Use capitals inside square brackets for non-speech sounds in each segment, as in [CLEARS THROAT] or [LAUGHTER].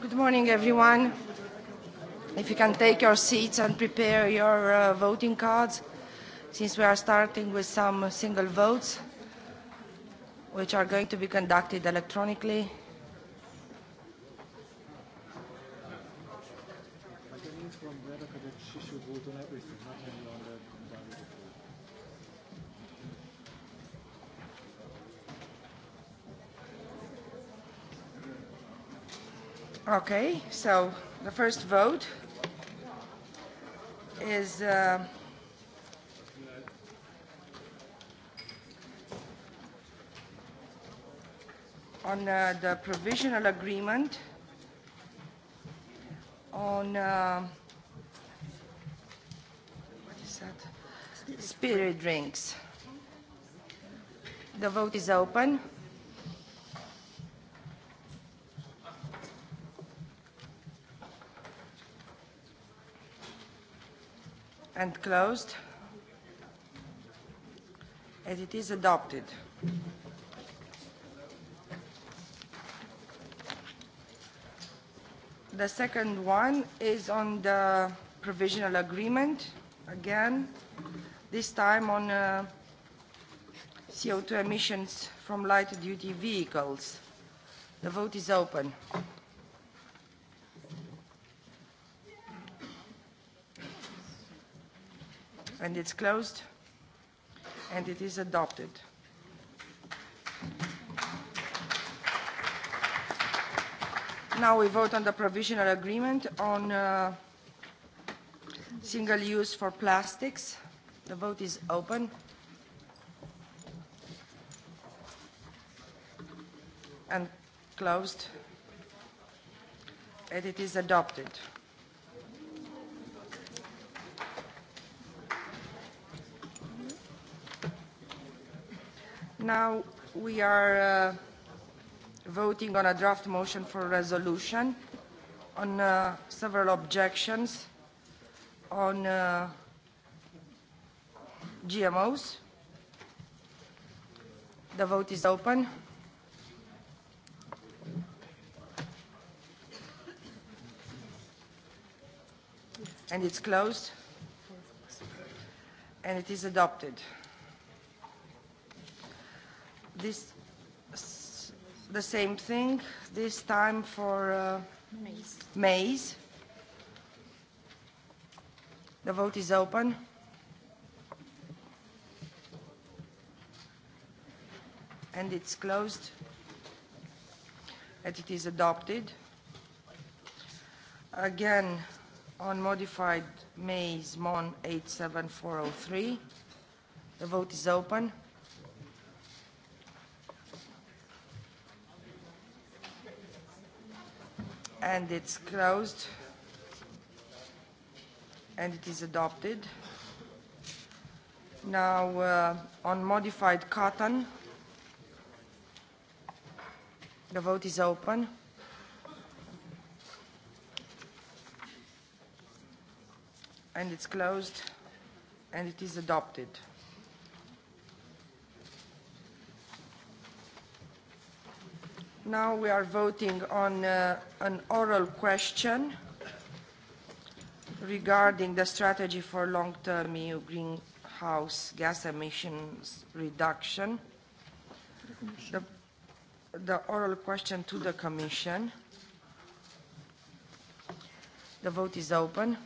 Good morning, everyone. If you can take your seats and prepare your uh, voting cards, since we are starting with some single votes, which are going to be conducted electronically. Okay, so the first vote is uh, on uh, the provisional agreement on uh, what is that? Spirit drinks. The vote is open. and closed and it is adopted. The second one is on the provisional agreement again, this time on uh, CO2 emissions from light-duty vehicles. The vote is open. and it's closed and it is adopted. Now we vote on the provisional agreement on uh, single use for plastics. The vote is open. And closed. And it is adopted. now we are uh, voting on a draft motion for resolution on uh, several objections on uh, GMOs. The vote is open. And it's closed. And it is adopted. This, the same thing, this time for uh, maize. maize. The vote is open. And it's closed. And it is adopted. Again, on modified maize MON 87403, the vote is open. and it's closed and it is adopted. Now uh, on modified cotton, the vote is open. And it's closed and it is adopted. Now we are voting on uh, an oral question regarding the strategy for long-term EU greenhouse gas emissions reduction. The, the oral question to the Commission. The vote is open.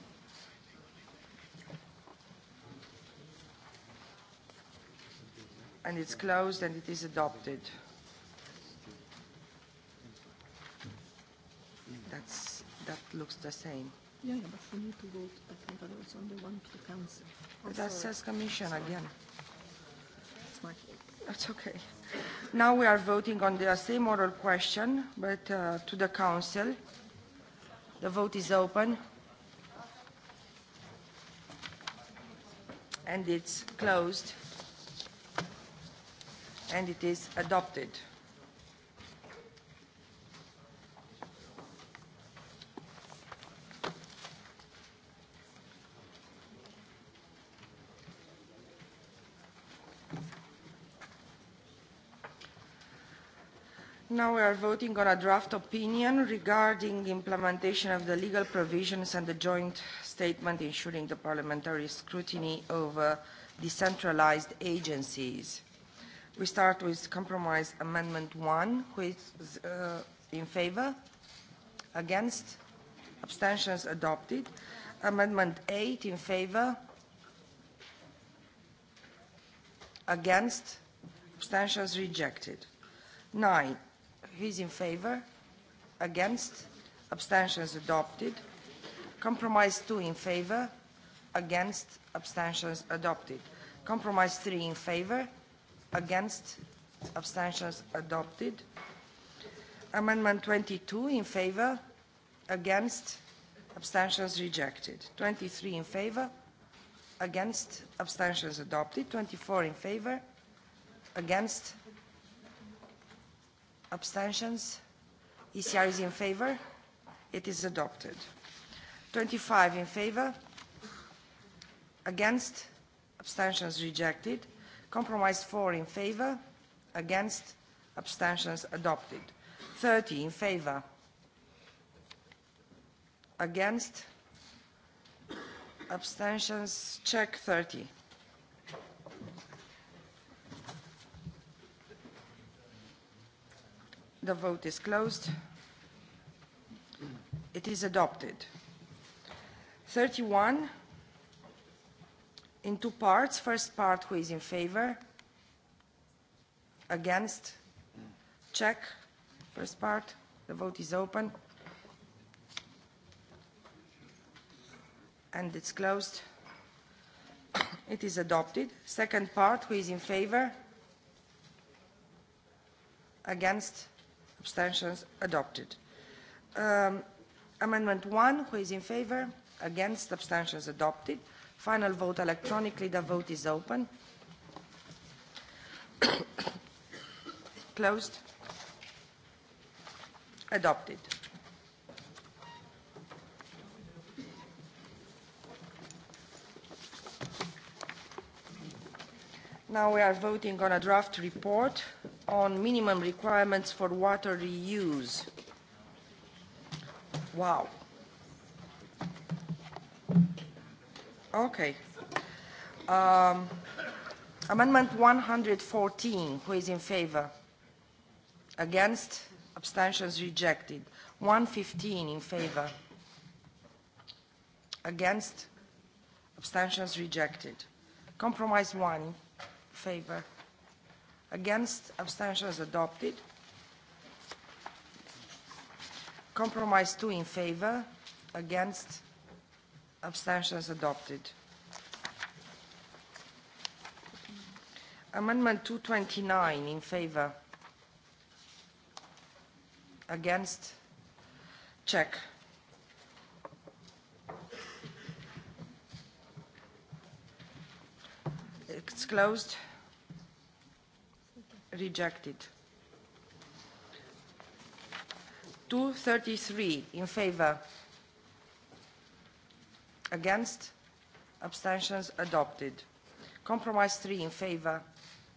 And it's closed and it is adopted. that's, that looks the same. Yeah, yeah, but we need to vote, I think, that was on the one to the council. Oh, that sorry. says commission sorry. again. It's my fault. That's okay. Now we are voting on the same oral question, but uh, to the council. The vote is open. And it's closed. And it is adopted. Now we are voting on a draft opinion regarding implementation of the legal provisions and the joint statement ensuring the parliamentary scrutiny over uh, decentralized agencies. We start with compromise amendment one. Who is uh, in favor? Against? Abstentions adopted. Amendment eight in favor? Against? Abstentions rejected. Nine Who's in favor? Against? Abstentions adopted. Compromise 2 in favor? Against? Abstentions adopted. Compromise 3 in favor? Against? Abstentions adopted. Amendment 22 in favor? Against? Abstentions rejected. 23 in favor? Against? Abstentions adopted. 24 in favor? Against? abstentions ECR is in favor it is adopted 25 in favor against abstentions rejected compromise 4 in favor against abstentions adopted 30 in favor against abstentions check 30 The vote is closed. It is adopted. 31 in two parts. First part, who is in favor? Against? Check. First part, the vote is open. And it's closed. It is adopted. Second part, who is in favor? Against? abstentions adopted. Um, amendment 1, who is in favor? Against, abstentions adopted. Final vote electronically, the vote is open. [COUGHS] Closed. Adopted. Now we are voting on a draft report on minimum requirements for water reuse. Wow. Okay. Um, amendment 114, who is in favor? Against? Abstentions rejected. 115 in favor. Against? Abstentions rejected. Compromise 1 in favor against abstentions adopted compromise 2 in favor against abstentions adopted amendment 229 in favor against check it's closed rejected. 233 in favor, against, abstentions adopted. Compromise 3 in favor,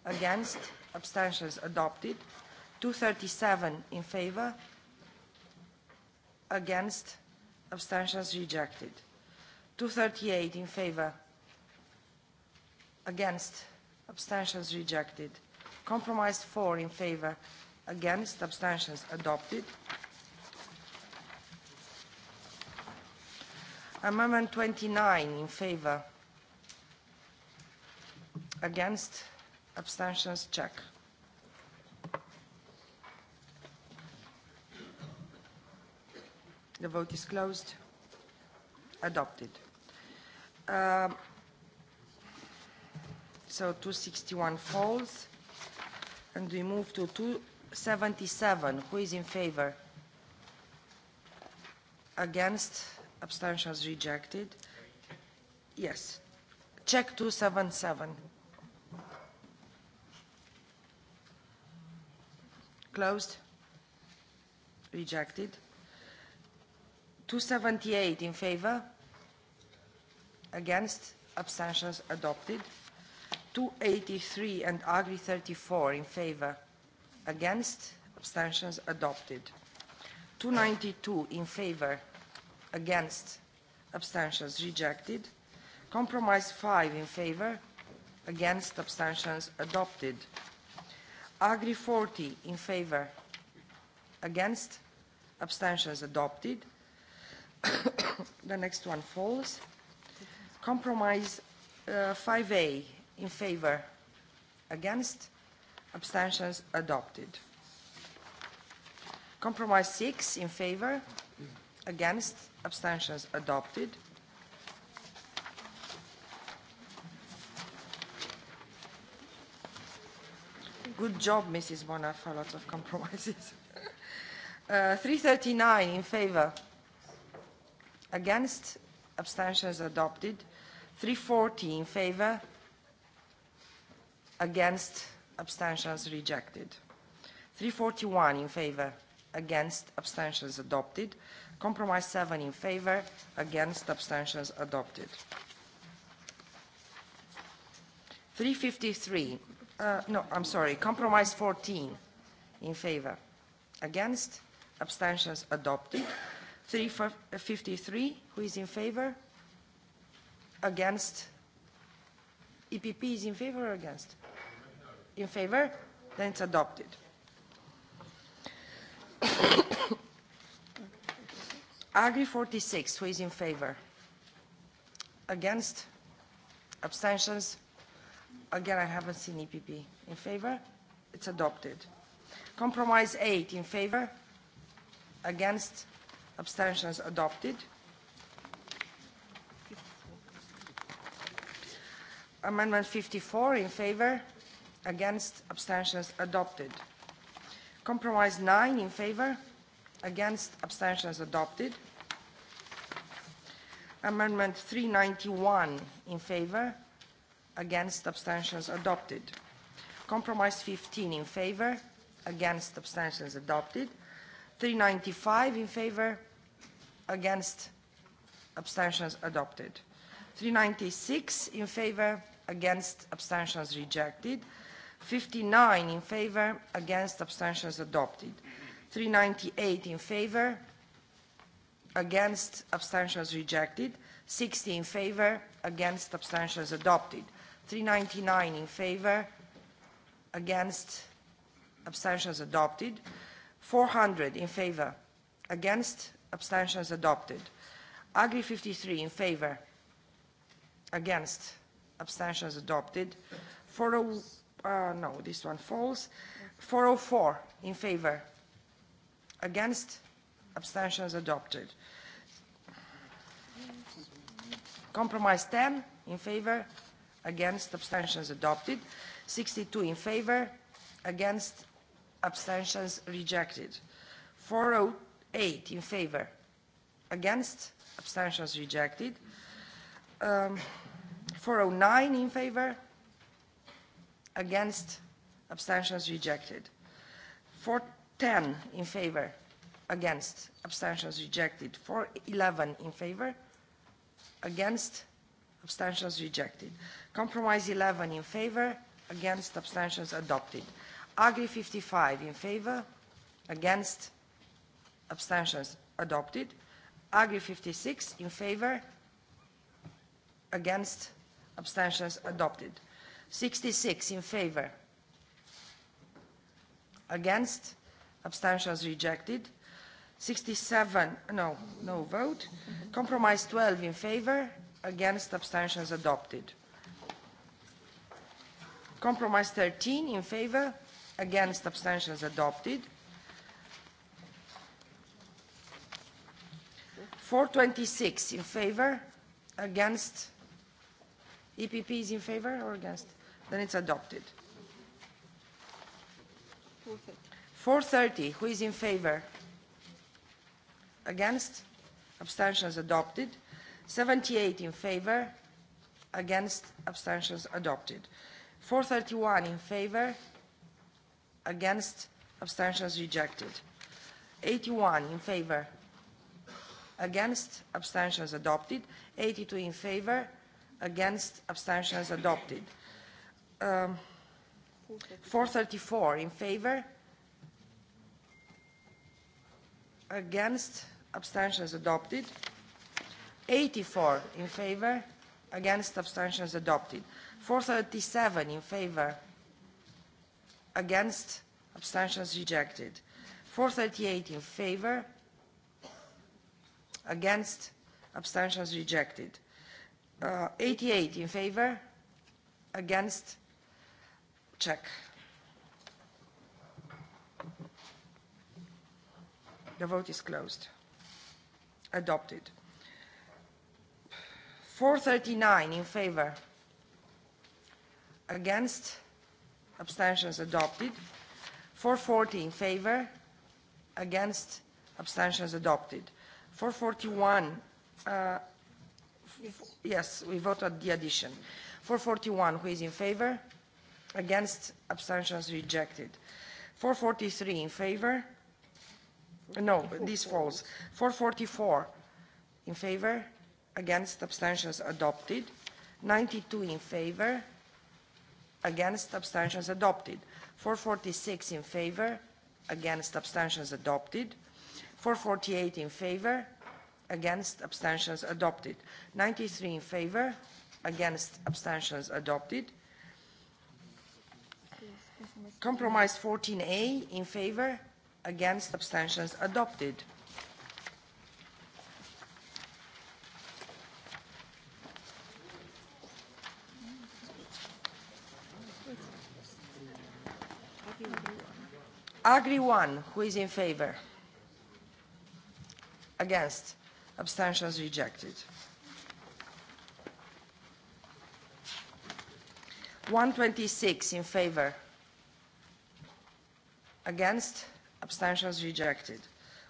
against, abstentions adopted. 237 in favor, against, abstentions rejected. 238 in favor, against, abstentions rejected. Compromise 4 in favor, against, abstentions adopted. Amendment 29 in favor, against, abstentions check. The vote is closed. Adopted. Um, so 261 falls. And we move to 277. Who is in favor? Against? Abstentions rejected. Yes. Check 277. Closed. Rejected. 278 in favor. Against? Abstentions adopted. 283 and Agri 34 in favor, against, abstentions adopted. 292 in favor, against, abstentions rejected. Compromise 5 in favor, against, abstentions adopted. Agri 40 in favor, against, abstentions adopted. [COUGHS] the next one falls. Compromise uh, 5A in favor against abstentions adopted compromise 6 in favor against abstentions adopted good job mrs bonafa lots of compromises [LAUGHS] uh, 339 in favor against abstentions adopted 340 in favor against, abstentions rejected. 341 in favor, against, abstentions adopted. Compromise 7 in favor, against, abstentions adopted. 353, uh, no, I'm sorry, compromise 14 in favor, against, abstentions adopted. 353, who is in favor? Against, EPP is in favor or against? In favor? Then it's adopted. [COUGHS] Agri 46, who is in favor? Against? Abstentions? Again, I haven't seen EPP. In favor? It's adopted. Compromise 8, in favor? Against? Abstentions adopted. Amendment 54 in favor, against, abstentions adopted. Compromise 9 in favor, against, abstentions adopted. Amendment 391 in favor, against, abstentions adopted. Compromise 15 in favor, against, abstentions adopted. 395 in favor, against, abstentions adopted. 396 in favor, against abstentions rejected 59 in favor against abstentions adopted 398 in favor against abstentions rejected 60 in favor against abstentions adopted 399 in favor against abstentions adopted 400 in favor against abstentions adopted agri 53 in favor against abstentions adopted. 40, uh, no, this one falls. 404 in favor, against, abstentions adopted. Compromise 10 in favor, against, abstentions adopted. 62 in favor, against, abstentions rejected. 408 in favor, against, abstentions rejected. Um, 409 in favor, against, abstentions rejected. 410 in favor, against, abstentions rejected. 411 in favor, against, abstentions rejected. Compromise 11 in favor, against, abstentions adopted. Agri 55 in favor, against, abstentions adopted. Agri 56 in favor, against, abstentions adopted. 66 in favor, against, abstentions rejected. 67, no, no vote. Compromise 12 in favor, against, abstentions adopted. Compromise 13 in favor, against, abstentions adopted. 426 in favor, against, EPP is in favor or against? Then it's adopted. 430. Who is in favor? Against? Abstentions adopted. 78 in favor. Against? Abstentions adopted. 431 in favor. Against? Abstentions rejected. 81 in favor. Against? Abstentions adopted. 82 in favor against abstentions adopted um, 434 in favor against abstentions adopted 84 in favor against abstentions adopted 437 in favor against abstentions rejected 438 in favor against abstentions rejected Uh, 88 in favor, against, check. The vote is closed. Adopted. 439 in favor, against, abstentions adopted. 440 in favor, against, abstentions adopted. 441 uh, Yes, we vote on the addition. 441, who is in favor? Against, abstentions rejected. 443 in favor? No, this falls. 444 in favor? Against, abstentions adopted. 92 in favor? Against, abstentions adopted. 446 in favor? Against, abstentions adopted. 448 in favor? against abstentions adopted 93 in favor against abstentions adopted compromise 14a in favor against abstentions adopted Agri 1, who is in favor? Against? abstentions rejected. 126 in favor against abstentions rejected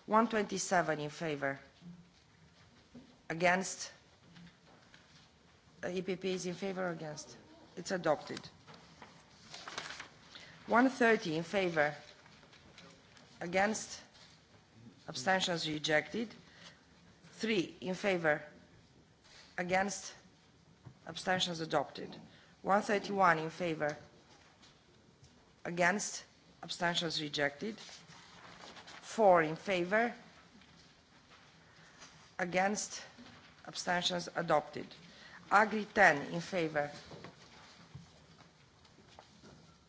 127 in favor against uh, EPP is in favor against it's adopted 130 in favor against abstentions rejected 3 in favor, against, abstentions adopted. 131 in favor, against, abstentions rejected. 4 in favor, against, abstentions adopted. Agri 10 in favor,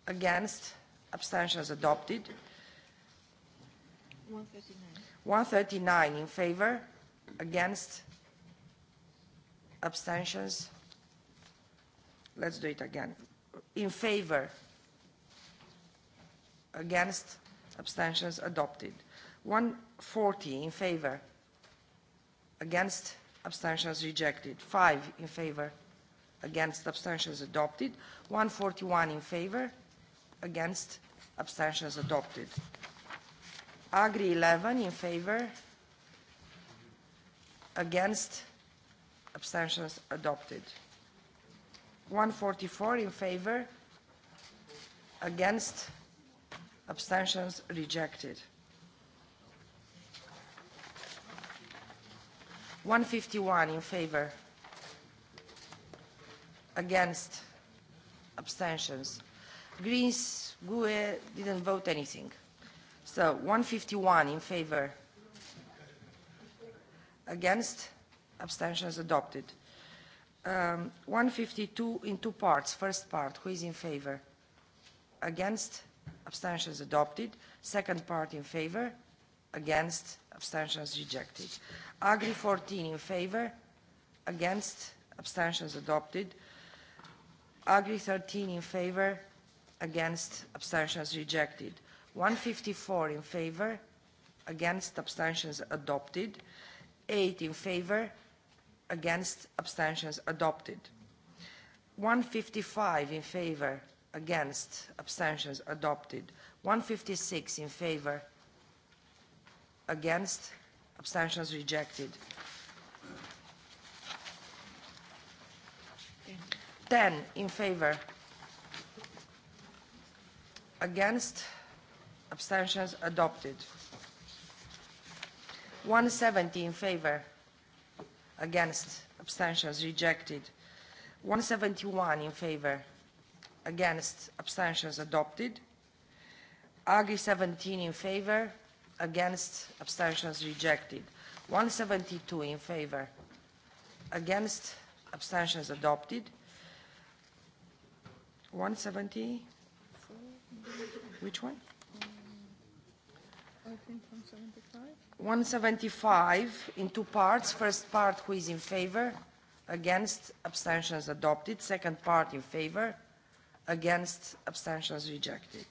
against, abstentions adopted. 139. 139 in favor, Against? Abstentions? Let's do it again. In favor? Against? Abstentions? Adopted. 140 in favor? Against? Abstentions? Rejected. 5 in favor? Against? Abstentions? Adopted. 141 in favor? Against? Abstentions? Adopted. Agri 11 in favor? Against? against abstentions adopted 144 in favor against abstentions rejected 151 in favor against abstentions greens gue didn't vote anything so 151 in favor Against? Abstentions adopted. Um, 152 in two parts. First part, who is in favor? Against? Abstentions adopted. Second part in favor? Against? Abstentions rejected. Agri 14 in favor? Against? Abstentions adopted. Agri 13 in favor? Against? Abstentions rejected. 154 in favor? Against? Abstentions adopted. 8 in favor, against, abstentions adopted. 155 in favor, against, abstentions adopted. 156 in favor, against, abstentions rejected. 10 in favor, against, abstentions adopted. 170 in favor, against, abstentions rejected. 171 in favor, against, abstentions adopted. Agri 17 in favor, against, abstentions rejected. 172 in favor, against, abstentions adopted. 170, which one? 175 in two parts. First part, who is in favor? Against, abstentions adopted. Second part, in favor? Against, abstentions rejected.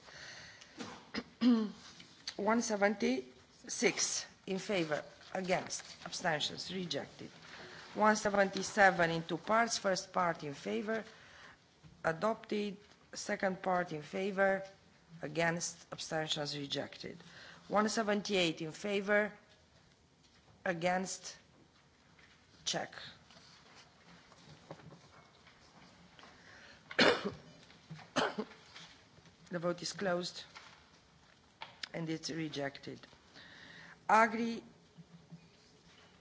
176 [CLEARS THROAT] in favor, against, abstentions rejected. 177 in two parts. First part in favor, adopted. Second part in favor, against, abstentions rejected. 178 in favor, against, check. [COUGHS] the vote is closed and it's rejected. Agri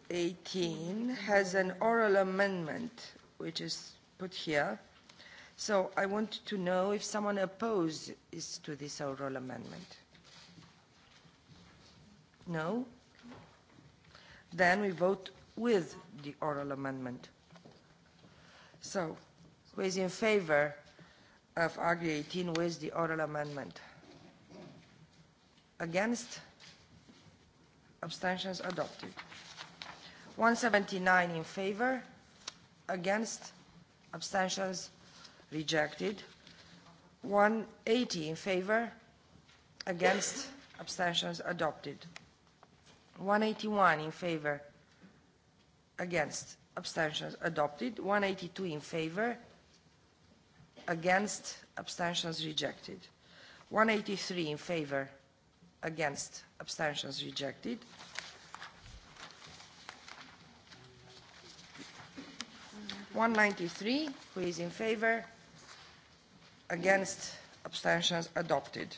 18 has an oral amendment which is put here. So I want to know if someone opposes to this oral amendment. No? Then we vote with the oral amendment. So, who is in favor of Agri 18 with the oral amendment? Against? Abstentions adopted. 179 in favor, against, abstentions rejected. 180 in favor, against, abstentions adopted. 181 in favor, against, abstentions adopted. 182 in favor, against, abstentions rejected. 183 in favor, against, abstentions rejected. One ninety-three, who is in favor? Against, abstentions adopted.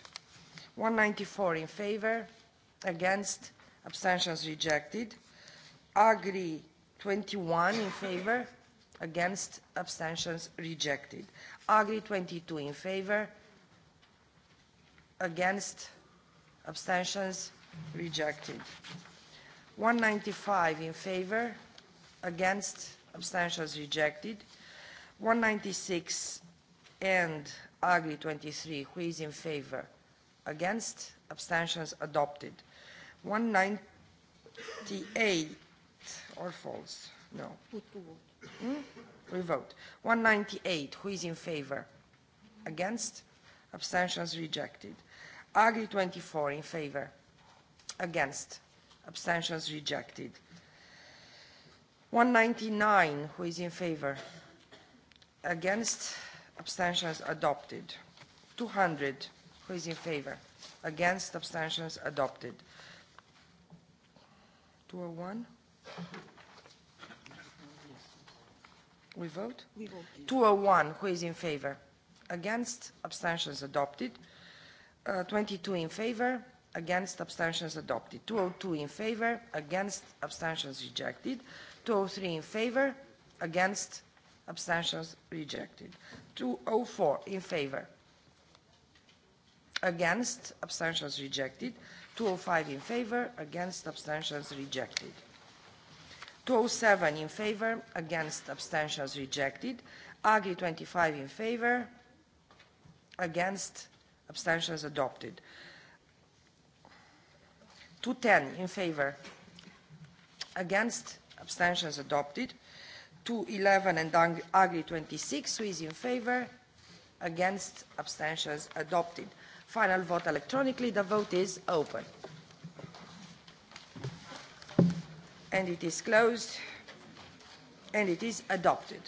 One ninety-four in favor, against, abstentions rejected. Agri 21 in favor, against, abstentions rejected. Agri 22 in favor, against, abstentions rejected. 195 in favor, against, abstentions rejected. 196 and Agri 23, who is in favor? Against, abstentions adopted. 198 or false? No. Put to vote. Hmm? We vote. 198. Who is in favor? Against? Abstentions rejected. Agri 24 in favor. Against? Abstentions rejected. 199. Who is in favor? Against? Abstentions adopted. 200. Who is in favor? Against? Abstentions adopted. 201. We vote? We vote. 201, who is in favor? Against, abstentions adopted. Uh, 22 in favor, against, abstentions adopted. 202 in favor, against, abstentions rejected. 203 in favor, against, abstentions rejected. 204 in favor, against, abstentions rejected. 205 205 in favor, against abstentions rejected. 207 in favor, against abstentions rejected. Agri 25 in favor, against abstentions adopted. 210 in favor, against abstentions adopted. 211 and Agri 26, who is in favor, against abstentions adopted. Final vote electronically. The vote is open. And it is closed. And it is adopted.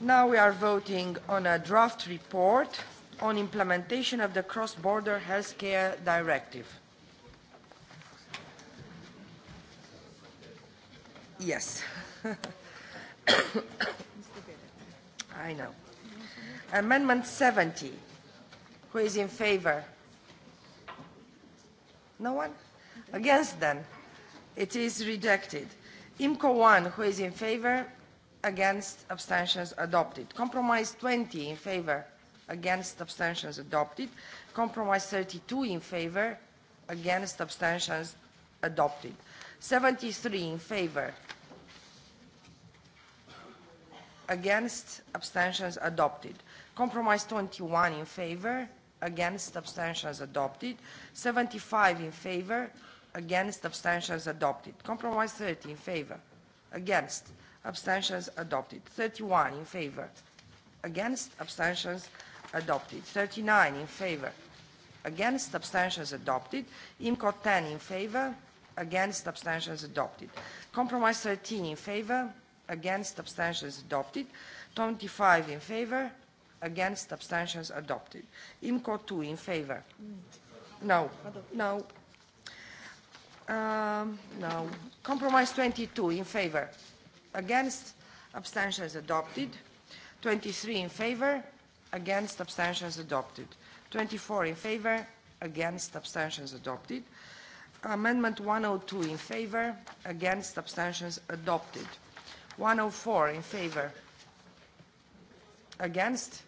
Now we are voting on a draft report on implementation of the Cross-Border Healthcare Directive. Yes. [COUGHS] I know. Amendment 70. Who is in favor? No one? Against then? It is rejected. IMCO 1, who is in favor? Against, abstentions adopted. Compromise 20 in favor, against, abstentions adopted. Compromise 32 in favor, against, abstentions adopted. 73 in favor, against, abstentions adopted. Compromise 21 in favor, against, abstentions adopted. 75 in favor, against, abstentions adopted. Compromise 30 in favor, against, abstentions adopted. 31 in favor, against, abstentions adopted. 39 in favor, against, abstentions adopted. IMCO 10 in favor, against, abstentions adopted. Compromise 13 in favor, against abstentions adopted 25 in favor against abstentions adopted imco 2 in favor no no um, no compromise 22 in favor against abstentions adopted 23 in favor against abstentions adopted 24 in favor against abstentions adopted amendment 102 in favor against abstentions adopted 104 in favor. Against?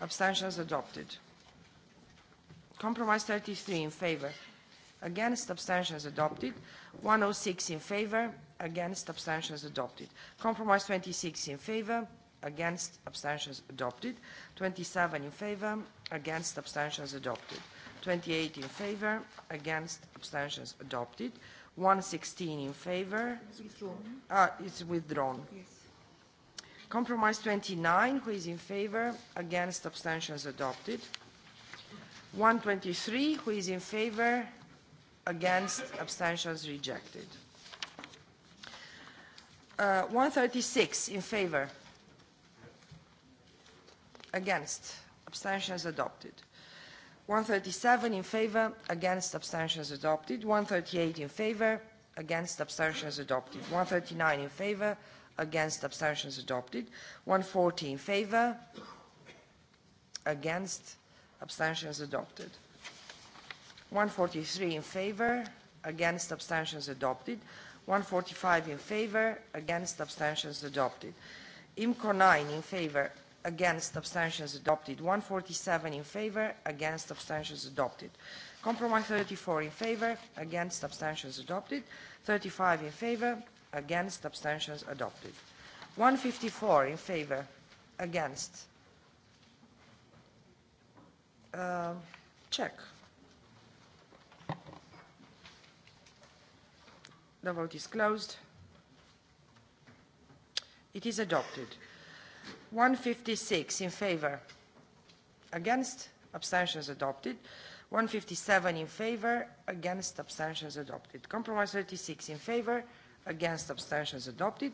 Abstentions adopted. Compromise 33 in favor. Against abstentions adopted. 106 in favor. Against abstentions adopted. Compromise 26 in favor. Against abstentions adopted. 27 in favor. Against abstentions adopted. 28 in favor. Against abstentions adopted. 116 in favor. It's withdrawn. Uh, it's withdrawn. Yes. Compromise 29, who is in favor? Against, abstentions adopted. 123, who is in favor? Against, abstentions rejected. Uh, 136, in favor? Against, abstentions adopted. 137 in favor, against abstentions adopted. 138 in favor, against abstentions adopted. 139 in favor, against abstentions adopted. 140 in favor, against abstentions adopted. 143 in favor, against abstentions adopted. 145 in favor, against abstentions adopted. IMCO 9 in favor, against abstentions adopted 147 in favor against abstentions adopted compromise 34 in favor against abstentions adopted 35 in favor against abstentions adopted 154 in favor against uh, check the vote is closed it is adopted 156 in favor. Against? Abstentions adopted. 157 in favor. Against? Abstentions adopted. Compromise 36 in favor. Against? Abstentions adopted.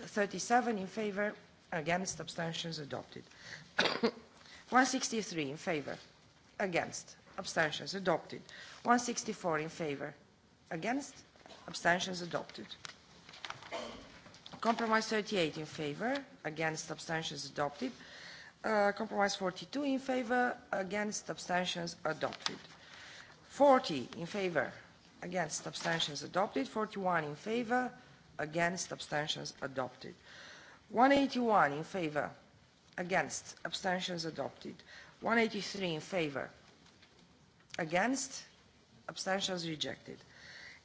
37 in favor. Against? Abstentions adopted. 163 [COUGHS] in favor. Against? Abstentions adopted. 164 in favor. Against? Abstentions adopted. Compromise 38 in favor, against abstentions adopted. Uh, compromise 42 in favor, against abstentions adopted. 40 in favor, against abstentions adopted. 41 in favor, against abstentions adopted. 181 in favor, against abstentions adopted. 183 in favor, against abstentions rejected.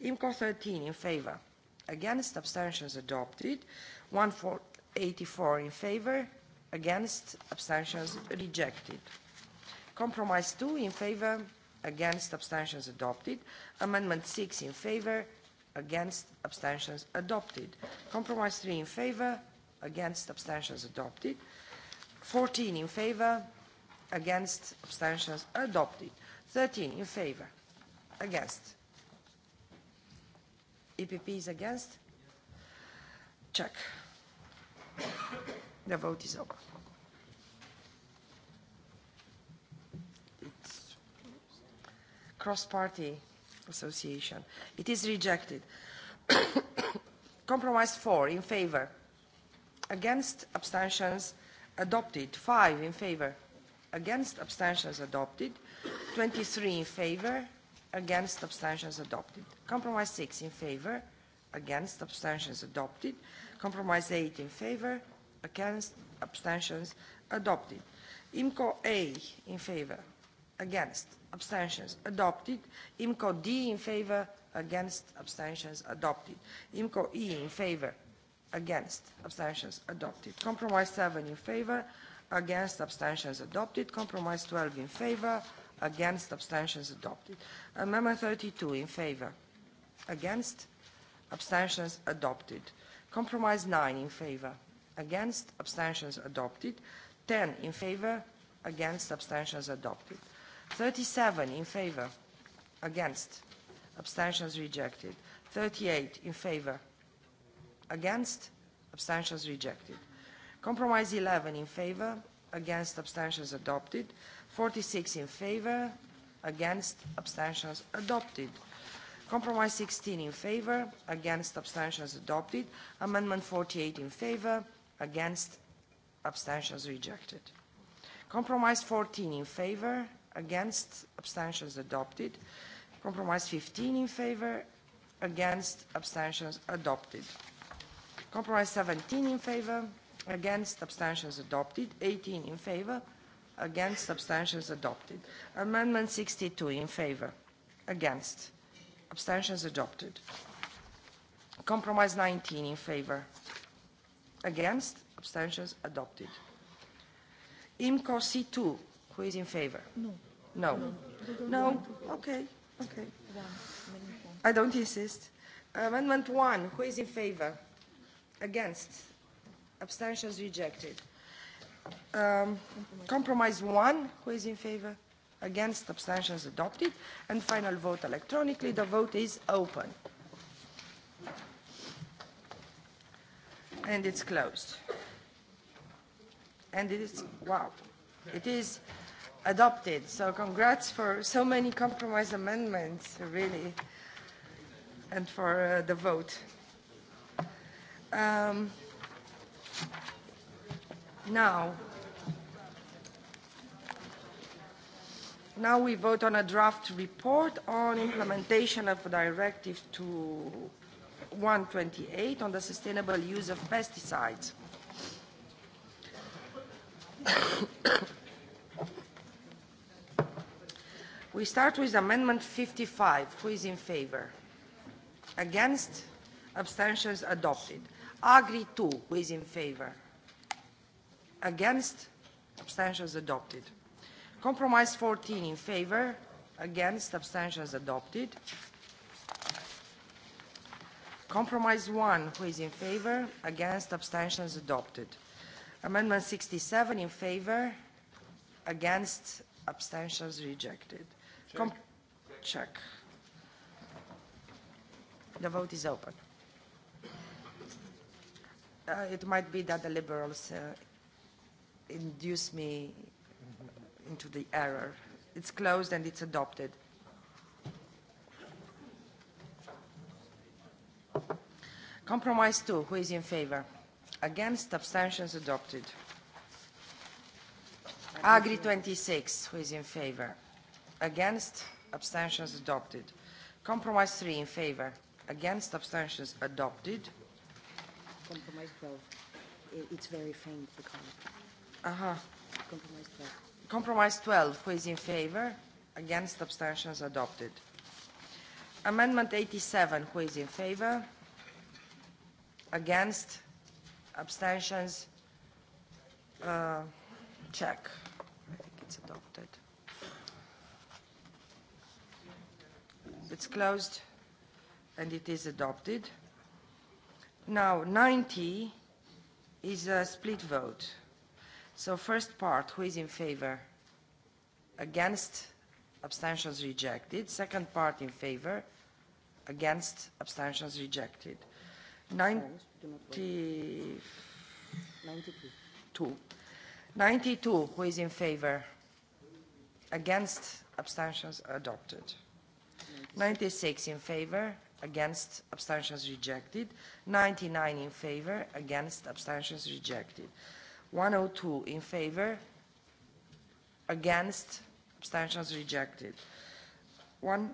IMCO 13 in favor, against abstentions adopted 184 in favor against abstentions rejected compromise 2 in favor against abstentions adopted amendment 6 in favor against abstentions adopted compromise 3 in favor against abstentions adopted 14 in favor against abstentions adopted 13 in favor against EPP is against? Check. The vote is over. It's cross-party association. It is rejected. [COUGHS] Compromise 4 in favor. Against abstentions adopted. 5 in favor. Against abstentions adopted. 23 in favor against abstentions adopted. Compromise 6 in favor, against abstentions adopted. Compromise 8 in favor, against abstentions adopted. IMCO A in favor, against abstentions adopted. IMCO D in favor, against abstentions adopted. IMCO E in favor, against abstentions adopted. Compromise 7 in favor, against abstentions adopted. Compromise 12 in favor, against Against, abstentions adopted. Amendment 32 in favor. Against, abstentions adopted. Compromise 9 in favor. Against, abstentions adopted. 10 in favor. Against, abstentions adopted. 37 in favor. Against, abstentions rejected. 38 in favor. Against, abstentions rejected. Compromise 11 in favor. Against, abstentions adopted. 46 in favor, against, abstentions adopted. Compromise 16 in favor, against, abstentions adopted. Amendment 48 in favor, against, abstentions rejected. Compromise 14 in favor, against, abstentions adopted. Compromise 15 in favor, against, abstentions adopted. Compromise 17 in favor, against, abstentions adopted. 18 in favor, against abstentions adopted amendment 62 in favor against abstentions adopted compromise 19 in favor against abstentions adopted imco c2 who is in favor no no no, no? okay okay i don't insist amendment 1 who is in favor against abstentions rejected Um, compromise 1, who is in favor? Against, abstentions adopted. And final vote electronically. The vote is open. And it's closed. And it is, wow, it is adopted. So congrats for so many compromise amendments, really, and for uh, the vote. Um, Now, now we vote on a draft report on implementation of Directive 128 on the sustainable use of pesticides. [COUGHS] we start with Amendment 55. Who is in favor? Against? Abstentions adopted. Agri 2. Who is in favor? against abstentions adopted compromise 14 in favor against abstentions adopted compromise 1 who is in favor against abstentions adopted amendment 67 in favor against abstentions rejected Com check. check the vote is open uh, it might be that the liberals uh, induced me into the error. It's closed and it's adopted. Compromise 2, who is in favor? Against, abstentions adopted. Agri 26, who is in favor? Against, abstentions adopted. Compromise 3, in favor? Against, abstentions adopted. Compromise 12, it's very faint, the comment. Aha. Compromise 12. Compromise 12. Who is in favor? Against abstentions adopted. Amendment 87. Who is in favor? Against abstentions uh, check. I think it's adopted. It's closed and it is adopted. Now 90 is a split vote. So first part, who is in favor? Against, abstentions rejected. Second part in favor, against, abstentions rejected. 90, 92. 92, who is in favor? Against, abstentions adopted. 96 in favor, against, abstentions rejected. 99 in favor, against, abstentions rejected. 102 in favor, against, abstentions rejected. One,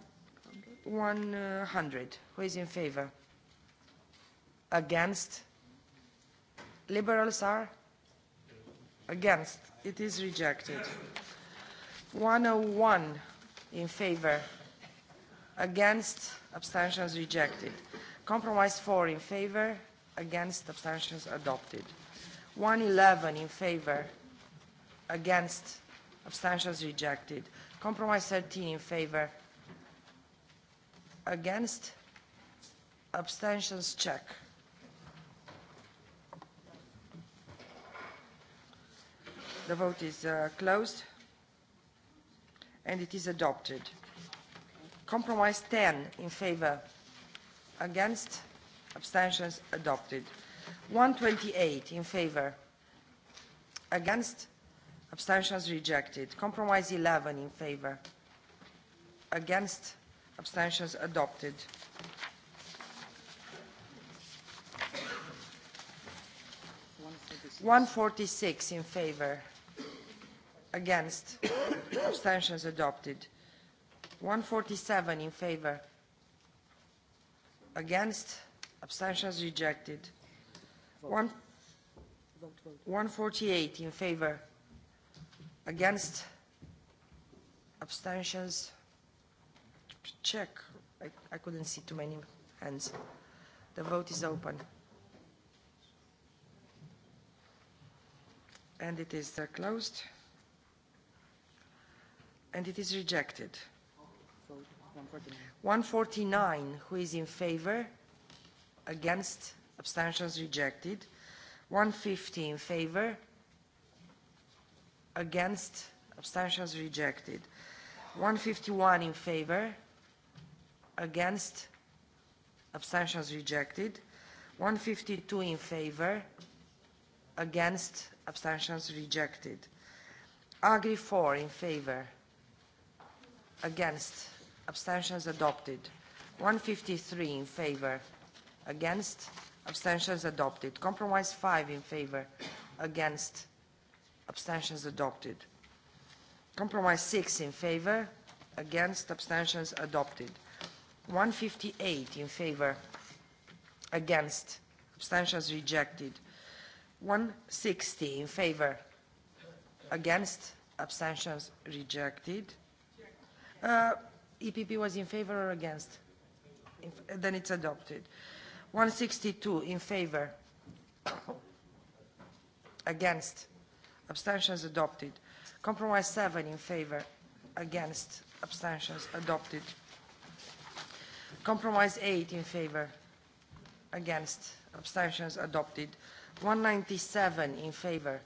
100, who is in favor? Against? Liberals are? Against. It is rejected. 101 in favor. Against, abstentions rejected. Compromise 4 in favor. Against, abstentions adopted. 111 in favor, against, abstentions rejected. Compromise 13 in favor, against, abstentions check. The vote is uh, closed and it is adopted. Compromise 10 in favor, against, abstentions adopted. 128 in favor, against, abstentions rejected. Compromise 11 in favor, against, abstentions adopted. one forty six in favor against abstentions adopted one forty seven in favor against abstentions rejected One, 148 in favor. Against. Abstentions. Check. I, I couldn't see too many hands. The vote is open. And it is uh, closed. And it is rejected. 149. 149, who is in favor? Against? abstentions rejected. 150 in favor, against, abstentions rejected. 151 in favor, against, abstentions rejected. 152 in favor, against, abstentions rejected. Agri 4 in favor, against, abstentions adopted. 153 in favor, against, abstentions adopted. Compromise 5 in favor, against, abstentions adopted. Compromise 6 in favor, against, abstentions adopted. 158 in favor, against, abstentions rejected. 160 in favor, against, abstentions rejected. Uh, EPP was in favor or against? In, then it's adopted. Uh, 162 in favor against abstentions adopted compromise 7 in favor against abstentions adopted compromise 8 in favor against abstentions adopted 197 in favor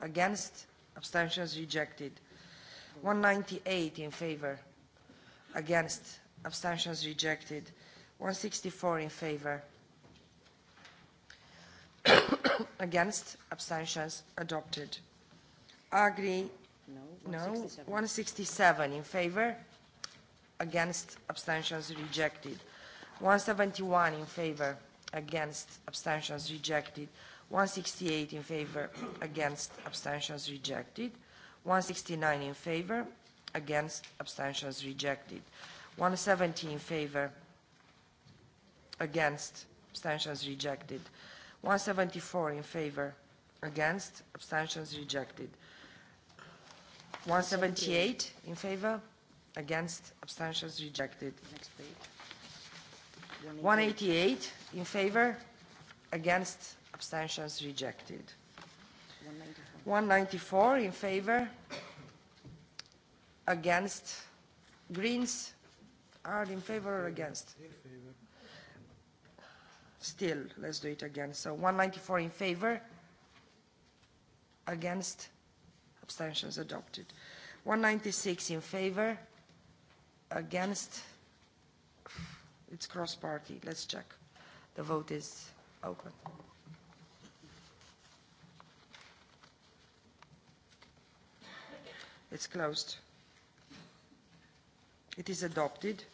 against abstentions rejected 198 in favor against abstentions rejected 164 in favor. [COUGHS] Against, abstentions adopted. Agri, no, 167. no, 167 in favor. Against, abstentions rejected. 171 in favor. Against, abstentions rejected. 168 in favor. Against, abstentions rejected. 169 in favor. Against, abstentions rejected. 170 in favor against, abstentions rejected. 174 in favor, against, abstentions rejected. 178 in favor, against, abstentions rejected. Next page. 188 in favor, against, abstentions rejected. 194 in favor, against, Greens are in favor or against? In favor still let's do it again so 194 in favor against abstentions adopted 196 in favor against it's cross party let's check the vote is open it's closed it is adopted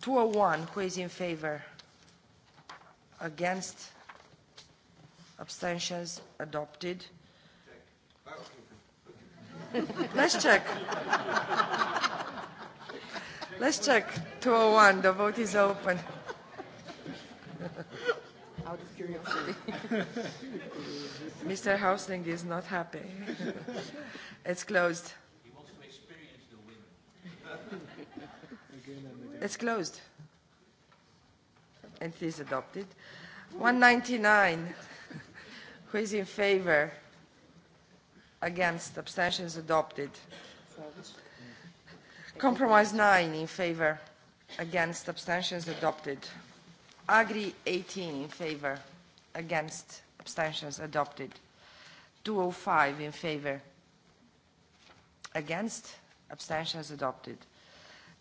201 who is in favor against, abstentions adopted. Let's check. Let's check 201. The vote is open. Out of curiosity. Mr. Hausling is not happy. it's closed. He wants to experience the women. It's closed and it is adopted. 199, who is in favor? Against, abstentions adopted. Compromise 9 in favor, against, abstentions adopted. Agri 18 in favor, against, abstentions adopted. 205 in favor, against, abstentions adopted.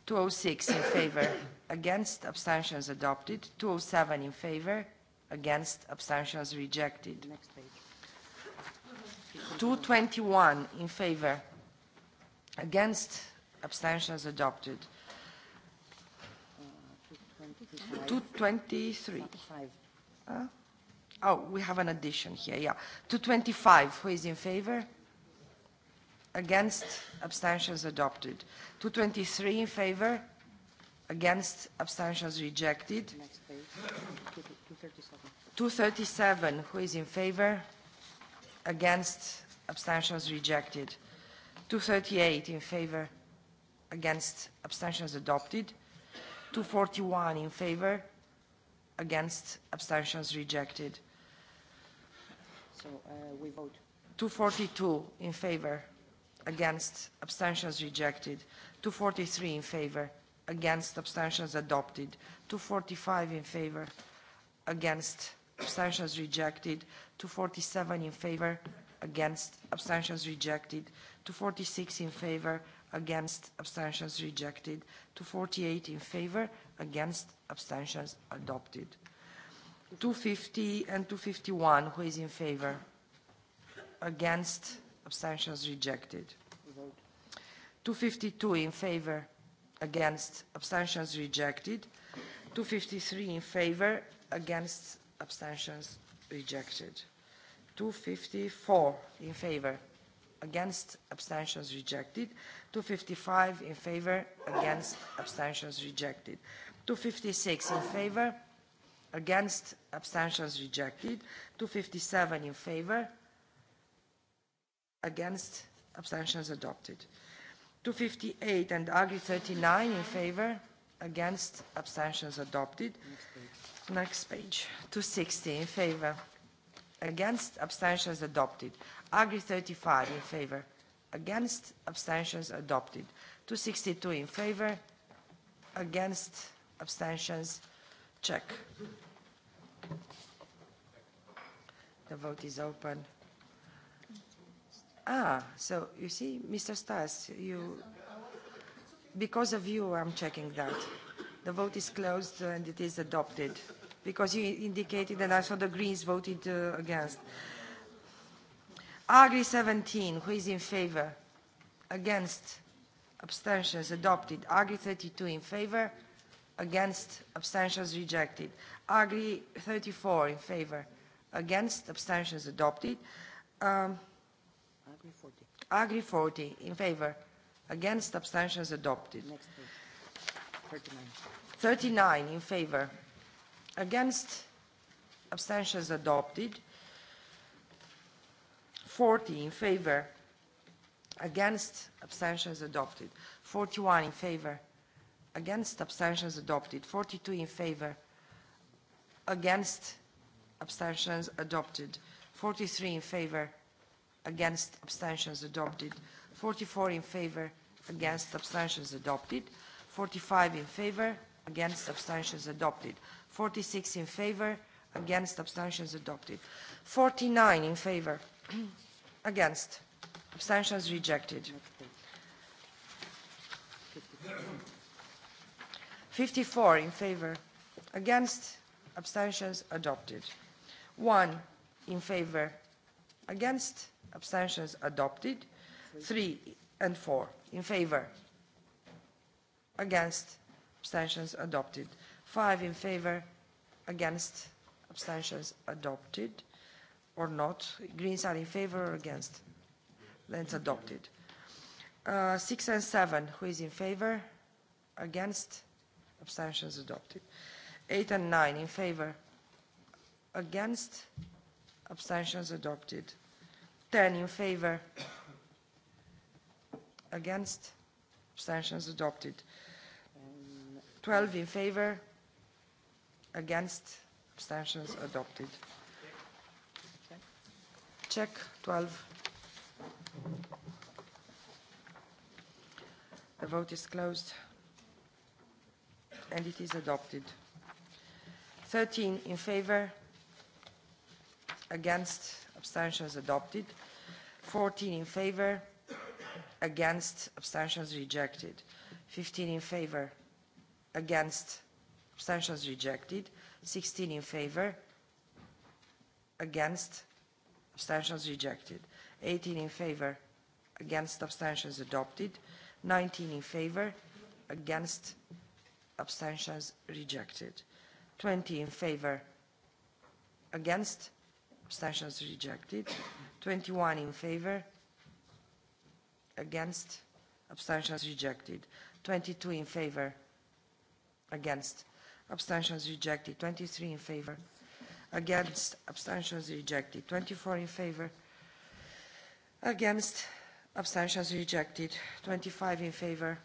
206 in favor, against, abstentions adopted. 207 in favor, against, abstentions rejected. Next page. 221 in favor, against, abstentions adopted. 223. Uh, huh? Oh, we have an addition here, yeah. 225, who is in favor? against, abstentions adopted. 223 in favor, against, abstentions rejected. Next page, 237. 237, who is in favor, against, abstentions rejected. 238 in favor, against, abstentions adopted. 241 in favor, against, abstentions rejected. So uh, we vote. 242 in favor, against, abstentions rejected, 243 in favor, against, abstentions adopted, 245 in favor, against, abstentions rejected, 247 in favor, against, abstentions rejected, 246 in favor, against, abstentions rejected, 248 in favor, against, abstentions adopted. 250 and 251, who is in favor? Against, abstentions rejected. 252 in favor, against, abstentions rejected. 253 in favor, against, abstentions rejected. 254 in favor, against, abstentions rejected. 255 in favor, against, abstentions rejected. 256 in favor, against, abstentions rejected. 257 in favor, against abstentions adopted 258 and agri 39 in favor against abstentions adopted next page, page 260 in favor against abstentions adopted agri 35 in favor against abstentions adopted 262 in favor against abstentions check the vote is open Ah, so you see, Mr. Stas, you, because of you, I'm checking that. The vote is closed and it is adopted, because you indicated, and I saw the Greens voted uh, against. Agri 17, who is in favor? Against? Abstentions adopted. Agri 32 in favor? Against? Abstentions rejected. Agri 34 in favor? Against? Abstentions adopted. Um, Agri 40 in favor. Against abstentions adopted. Next page. 39. 39 in favor. Against abstentions adopted. 40 in favor. Against abstentions adopted. 41 in favor. Against abstentions adopted. 42 in favor. Against abstentions adopted. 43 in favor against abstentions adopted 44 in favor against abstentions adopted 45 in favor against abstentions adopted 46 in favor against abstentions adopted 49 in favor [CLEARS THROAT] against abstentions rejected 54 in favor against abstentions adopted 1 in favor against abstentions adopted. 3 and 4 in favor, against, abstentions adopted. 5 in favor, against, abstentions adopted or not. Greens are in favor or against. Then it's adopted. Uh, 6 and 7, who is in favor, against, abstentions adopted. 8 and 9 in favor, against, abstentions adopted. 10 in favor against abstentions adopted 12 in favor against abstentions adopted check 12 the vote is closed and it is adopted 13 in favor against abstentions adopted 14 in favor against abstentions rejected 15 in favor against abstentions rejected 16 in favor against abstentions rejected 18 in favor against abstentions adopted 19 in favor against abstentions rejected 20 in favor against abstentions rejected. 21 in favor, against, abstentions rejected. 22 in favor, against, abstentions rejected. 23 in favor, against, abstentions rejected. 24 in favor, against, abstentions rejected. 25 in favor,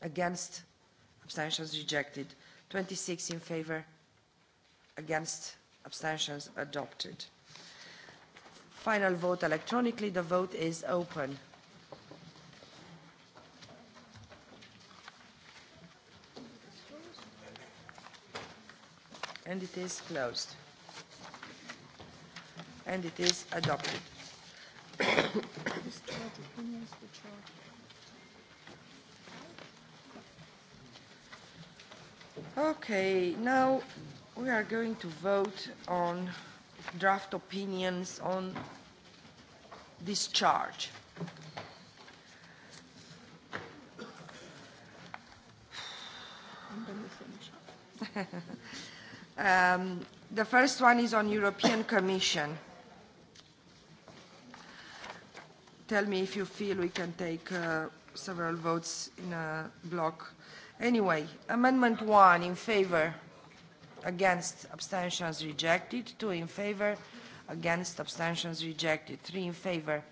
against, abstentions rejected. 26 in favor, against, abstentions adopted. Final vote electronically. The vote is open. And it is closed. And it is adopted. [COUGHS] okay, now We are going to vote on draft opinions on discharge. [LAUGHS] um, the first one is on European Commission. Tell me if you feel we can take uh, several votes in a block. Anyway, Amendment 1 in favor against abstentions rejected, two in favor, against abstentions rejected, three in favor,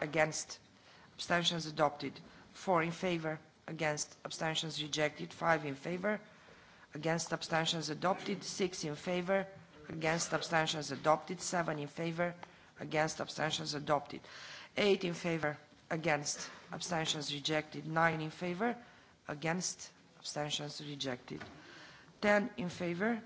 against abstentions adopted, four in favor, against abstentions rejected, five in favor, against abstentions adopted, six in favor, against abstentions adopted, seven in favor, against abstentions adopted, eight in favor, against abstentions rejected, nine in favor, against abstentions rejected. 10 in favor,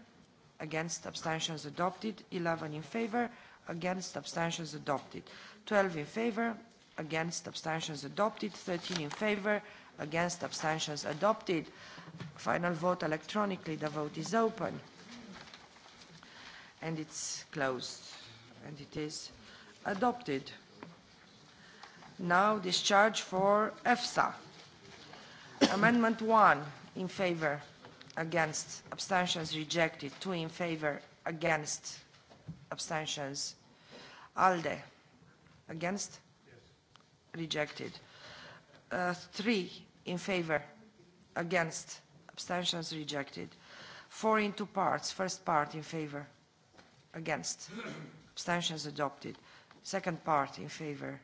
against abstentions adopted. 11 in favor, against abstentions adopted. 12 in favor, against abstentions adopted. 13 in favor, against abstentions adopted. Final vote electronically. The vote is open. And it's closed. And it is adopted. Now discharge for EFSA. Amendment 1 in favor, against, abstentions rejected, two in favor, against, abstentions. ALDE, against, yes. rejected. Uh, three in favor, against, abstentions rejected. Four in two parts, first part in favor, against, abstentions adopted. Second part in favor,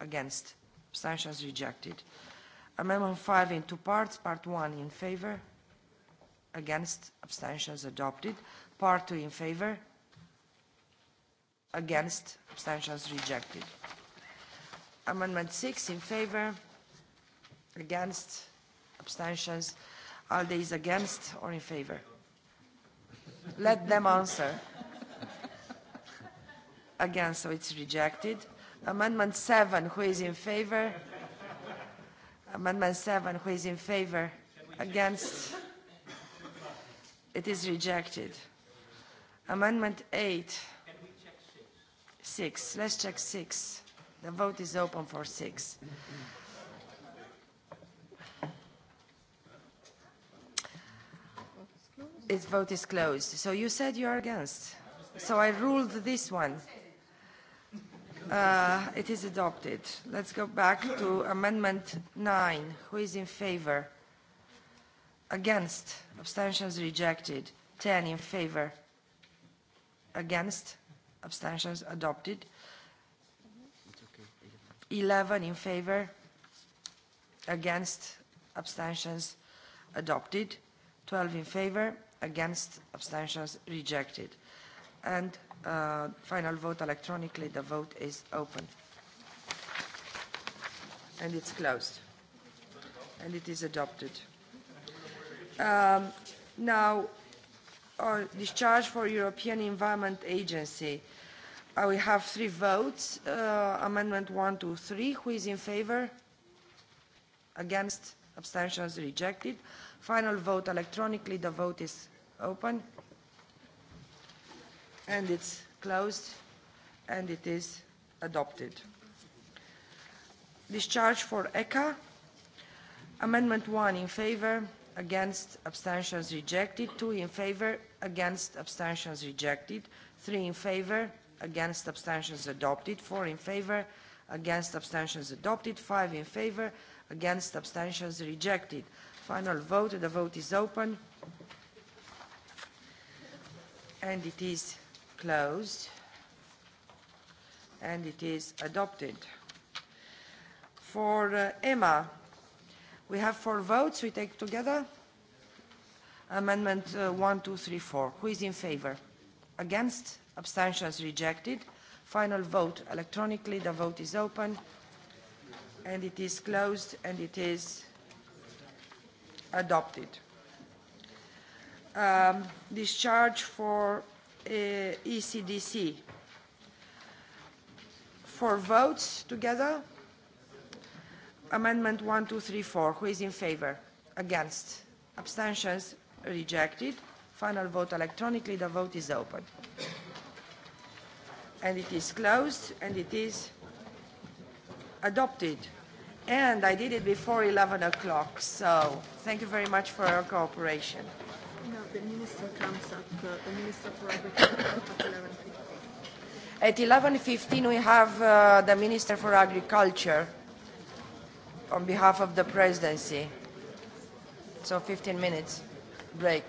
against, abstentions rejected. Uh, Amendment 5 in two parts. Part 1 in favor. Against. Abstentions adopted. Part 2 in favor. Against. Abstentions rejected. Amendment 6 in favor. Against. Abstentions. ALDE is against or in favor? Let them answer. Again, so it's rejected. Amendment 7, who is in favor? Amendment 7, who is in favor? Against? It is rejected. Amendment 8. 6. Let's check 6. The vote is open for 6. Its vote is closed. So you said you are against. So I ruled this one. Uh, it is adopted. Let's go back to Amendment 9. Who is in favor? Against. Abstentions rejected. 10 in favor. Against. Abstentions adopted. 11 in favor. Against. Abstentions adopted. 12 in favor. Against. Abstentions rejected. And Uh, final vote electronically. The vote is open. And it's closed. And it is adopted. Um, now, our discharge for European Environment Agency. Uh, we have three votes. Uh, amendment 1 to 3. Who is in favor? Against? Abstentions rejected. Final vote electronically. The vote is open and it's closed and it is adopted. Discharge for ECHA. Amendment 1 in favor, against, abstentions rejected. 2 in favor, against, abstentions rejected. 3 in favor, against, abstentions adopted. 4 in favor, against, abstentions adopted. 5 in favor, against, abstentions rejected. Final vote. The vote is open. And it is closed and it is adopted. For uh, EMA, we have four votes. We take together amendment uh, 1, 2, 3, 4. Who is in favor? Against? Abstentions rejected. Final vote electronically. The vote is open and it is closed and it is adopted. Um, discharge for Uh, ECDC. Four votes together. Amendment 1, 2, 3, 4. Who is in favor? Against? Abstentions? Rejected. Final vote electronically. The vote is open. And it is closed and it is adopted. And I did it before 11 o'clock, so thank you very much for your cooperation know, the minister comes at uh, the minister for agriculture at 11.15. At 11.15 we have uh, the minister for agriculture on behalf of the presidency. So 15 minutes break.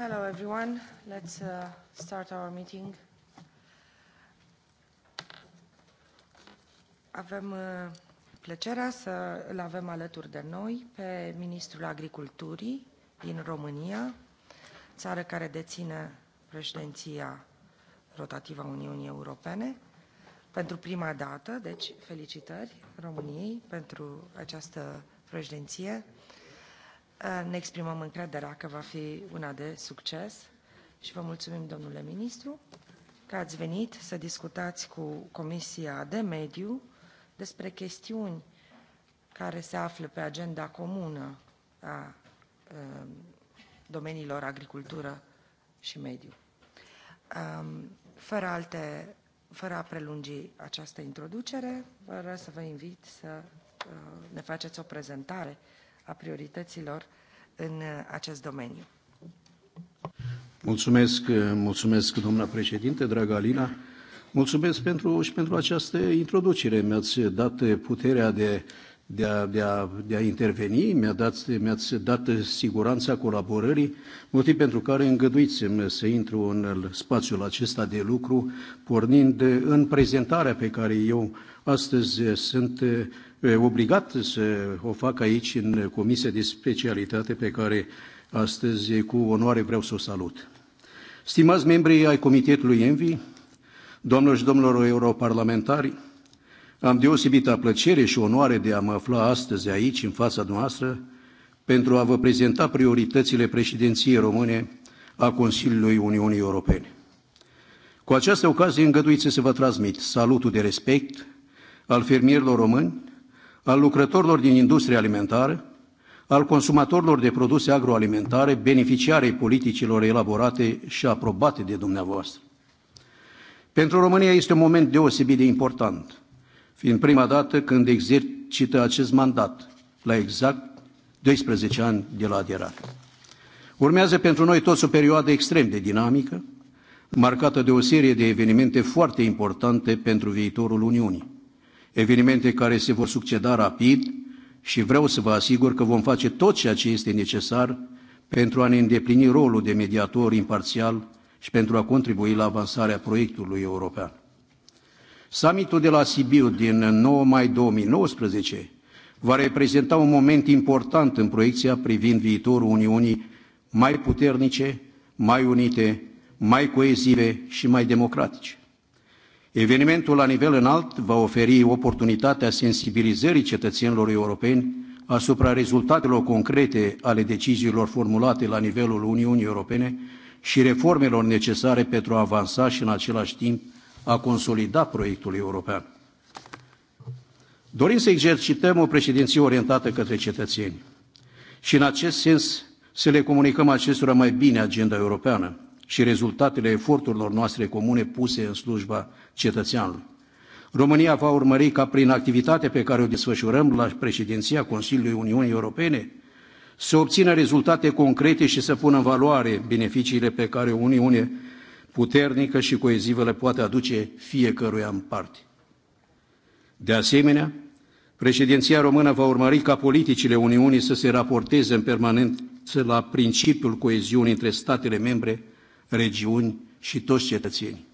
Hello, everyone. Let's uh, start our meeting. Avem uh, plăcerea să îl avem alături de noi pe Ministrul Agriculturii din România, țară care deține președinția rotativă a Uniunii Europene. Pentru prima dată, deci felicitări României pentru această președinție. Uh, ne exprimăm încrederea că va fi una de succes și vă mulțumim, domnule ministru, că ați venit să discutați cu Comisia de Mediu despre chestiuni care se află pe agenda comună a domeniilor agricultură și mediu. Fără, alte, fără a prelungi această introducere, vă să vă invit să ne faceți o prezentare a priorităților în uh, acest domeniu. Mulțumesc, uh, mulțumesc, doamna președinte, dragă Alina. Mulțumesc pentru, și pentru această introducere. Mi-ați dat puterea de, de, a, de, a, de a interveni, mi-a dat, mi-ați dat siguranța colaborării, motiv pentru care îngăduiți-mi să intru în spațiul acesta de lucru, pornind în prezentarea pe care eu astăzi sunt E, obligat să o fac aici, în comisia de specialitate pe care astăzi e cu onoare vreau să o salut. Stimați membri ai Comitetului Envi, doamnelor și domnilor europarlamentari, am deosebită plăcere și onoare de a mă afla astăzi aici, în fața noastră, pentru a vă prezenta prioritățile președinției române a Consiliului Uniunii Europene. Cu această ocazie îngăduiți să vă transmit salutul de respect al fermierilor români, al lucrătorilor din industria alimentară, al consumatorilor de produse agroalimentare, beneficiarei politicilor elaborate și aprobate de dumneavoastră. Pentru România este un moment deosebit de important, fiind prima dată când exercită acest mandat, la exact 12 ani de la aderare. Urmează pentru noi toți o perioadă extrem de dinamică, marcată de o serie de evenimente foarte importante pentru viitorul Uniunii evenimente care se vor succeda rapid și vreau să vă asigur că vom face tot ceea ce este necesar pentru a ne îndeplini rolul de mediator imparțial și pentru a contribui la avansarea proiectului european. Summitul de la Sibiu din 9 mai 2019 va reprezenta un moment important în proiecția privind viitorul Uniunii mai puternice, mai unite, mai coezive și mai democratice. Evenimentul la nivel înalt va oferi oportunitatea sensibilizării cetățenilor europeni asupra rezultatelor concrete ale deciziilor formulate la nivelul Uniunii Europene și reformelor necesare pentru a avansa și în același timp a consolida proiectul european. Dorim să exercităm o președinție orientată către cetățeni și în acest sens să le comunicăm acestora mai bine agenda europeană și rezultatele eforturilor noastre comune puse în slujba cetățeanului. România va urmări ca prin activitatea pe care o desfășurăm la președinția Consiliului Uniunii Europene să obțină rezultate concrete și să pună în valoare beneficiile pe care o Uniune puternică și coezivă le poate aduce fiecăruia în parte. De asemenea, președinția română va urmări ca politicile Uniunii să se raporteze în permanență la principiul coeziunii între statele membre, regiuni și toți cetățenii.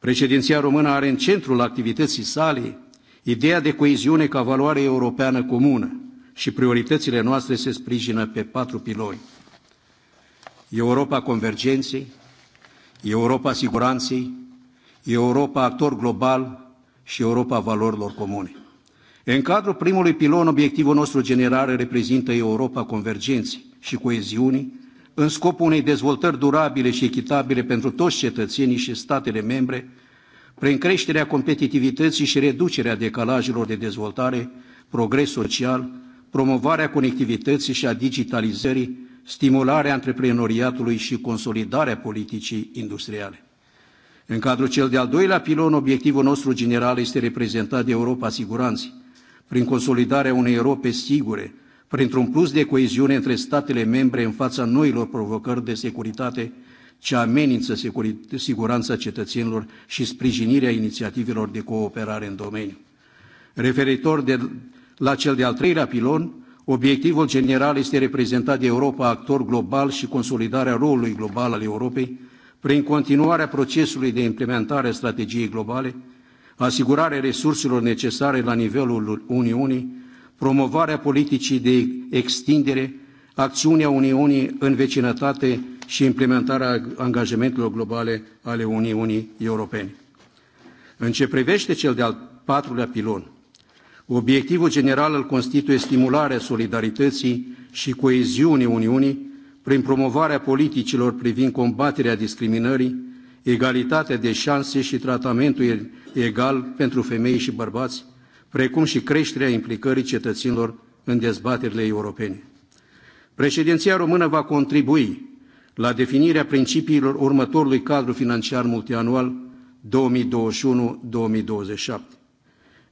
Președinția română are în centrul activității sale ideea de coeziune ca valoare europeană comună și prioritățile noastre se sprijină pe patru piloni. Europa convergenței, Europa siguranței, Europa actor global și Europa valorilor comune. În cadrul primului pilon, obiectivul nostru general reprezintă Europa convergenței și coeziunii, în scopul unei dezvoltări durabile și echitabile pentru toți cetățenii și statele membre, prin creșterea competitivității și reducerea decalajelor de dezvoltare, progres social, promovarea conectivității și a digitalizării, stimularea antreprenoriatului și consolidarea politicii industriale. În cadrul cel de-al doilea pilon, obiectivul nostru general este reprezentat de Europa Siguranței, prin consolidarea unei Europe sigure, printr-un plus de coeziune între statele membre în fața noilor provocări de securitate ce amenință siguranța cetățenilor și sprijinirea inițiativelor de cooperare în domeniu. Referitor de, la cel de-al treilea pilon, obiectivul general este reprezentat de Europa actor global și consolidarea rolului global al Europei prin continuarea procesului de implementare a strategiei globale, asigurarea resurselor necesare la nivelul Uniunii promovarea politicii de extindere, acțiunea Uniunii în vecinătate și implementarea angajamentelor globale ale Uniunii Europene. În ce privește cel de-al patrulea pilon, obiectivul general îl constituie stimularea solidarității și coeziunii Uniunii prin promovarea politicilor privind combaterea discriminării, egalitatea de șanse și tratamentul egal pentru femei și bărbați, precum și creșterea implicării cetățenilor în dezbaterile europene. Președinția română va contribui la definirea principiilor următorului cadru financiar multianual 2021-2027.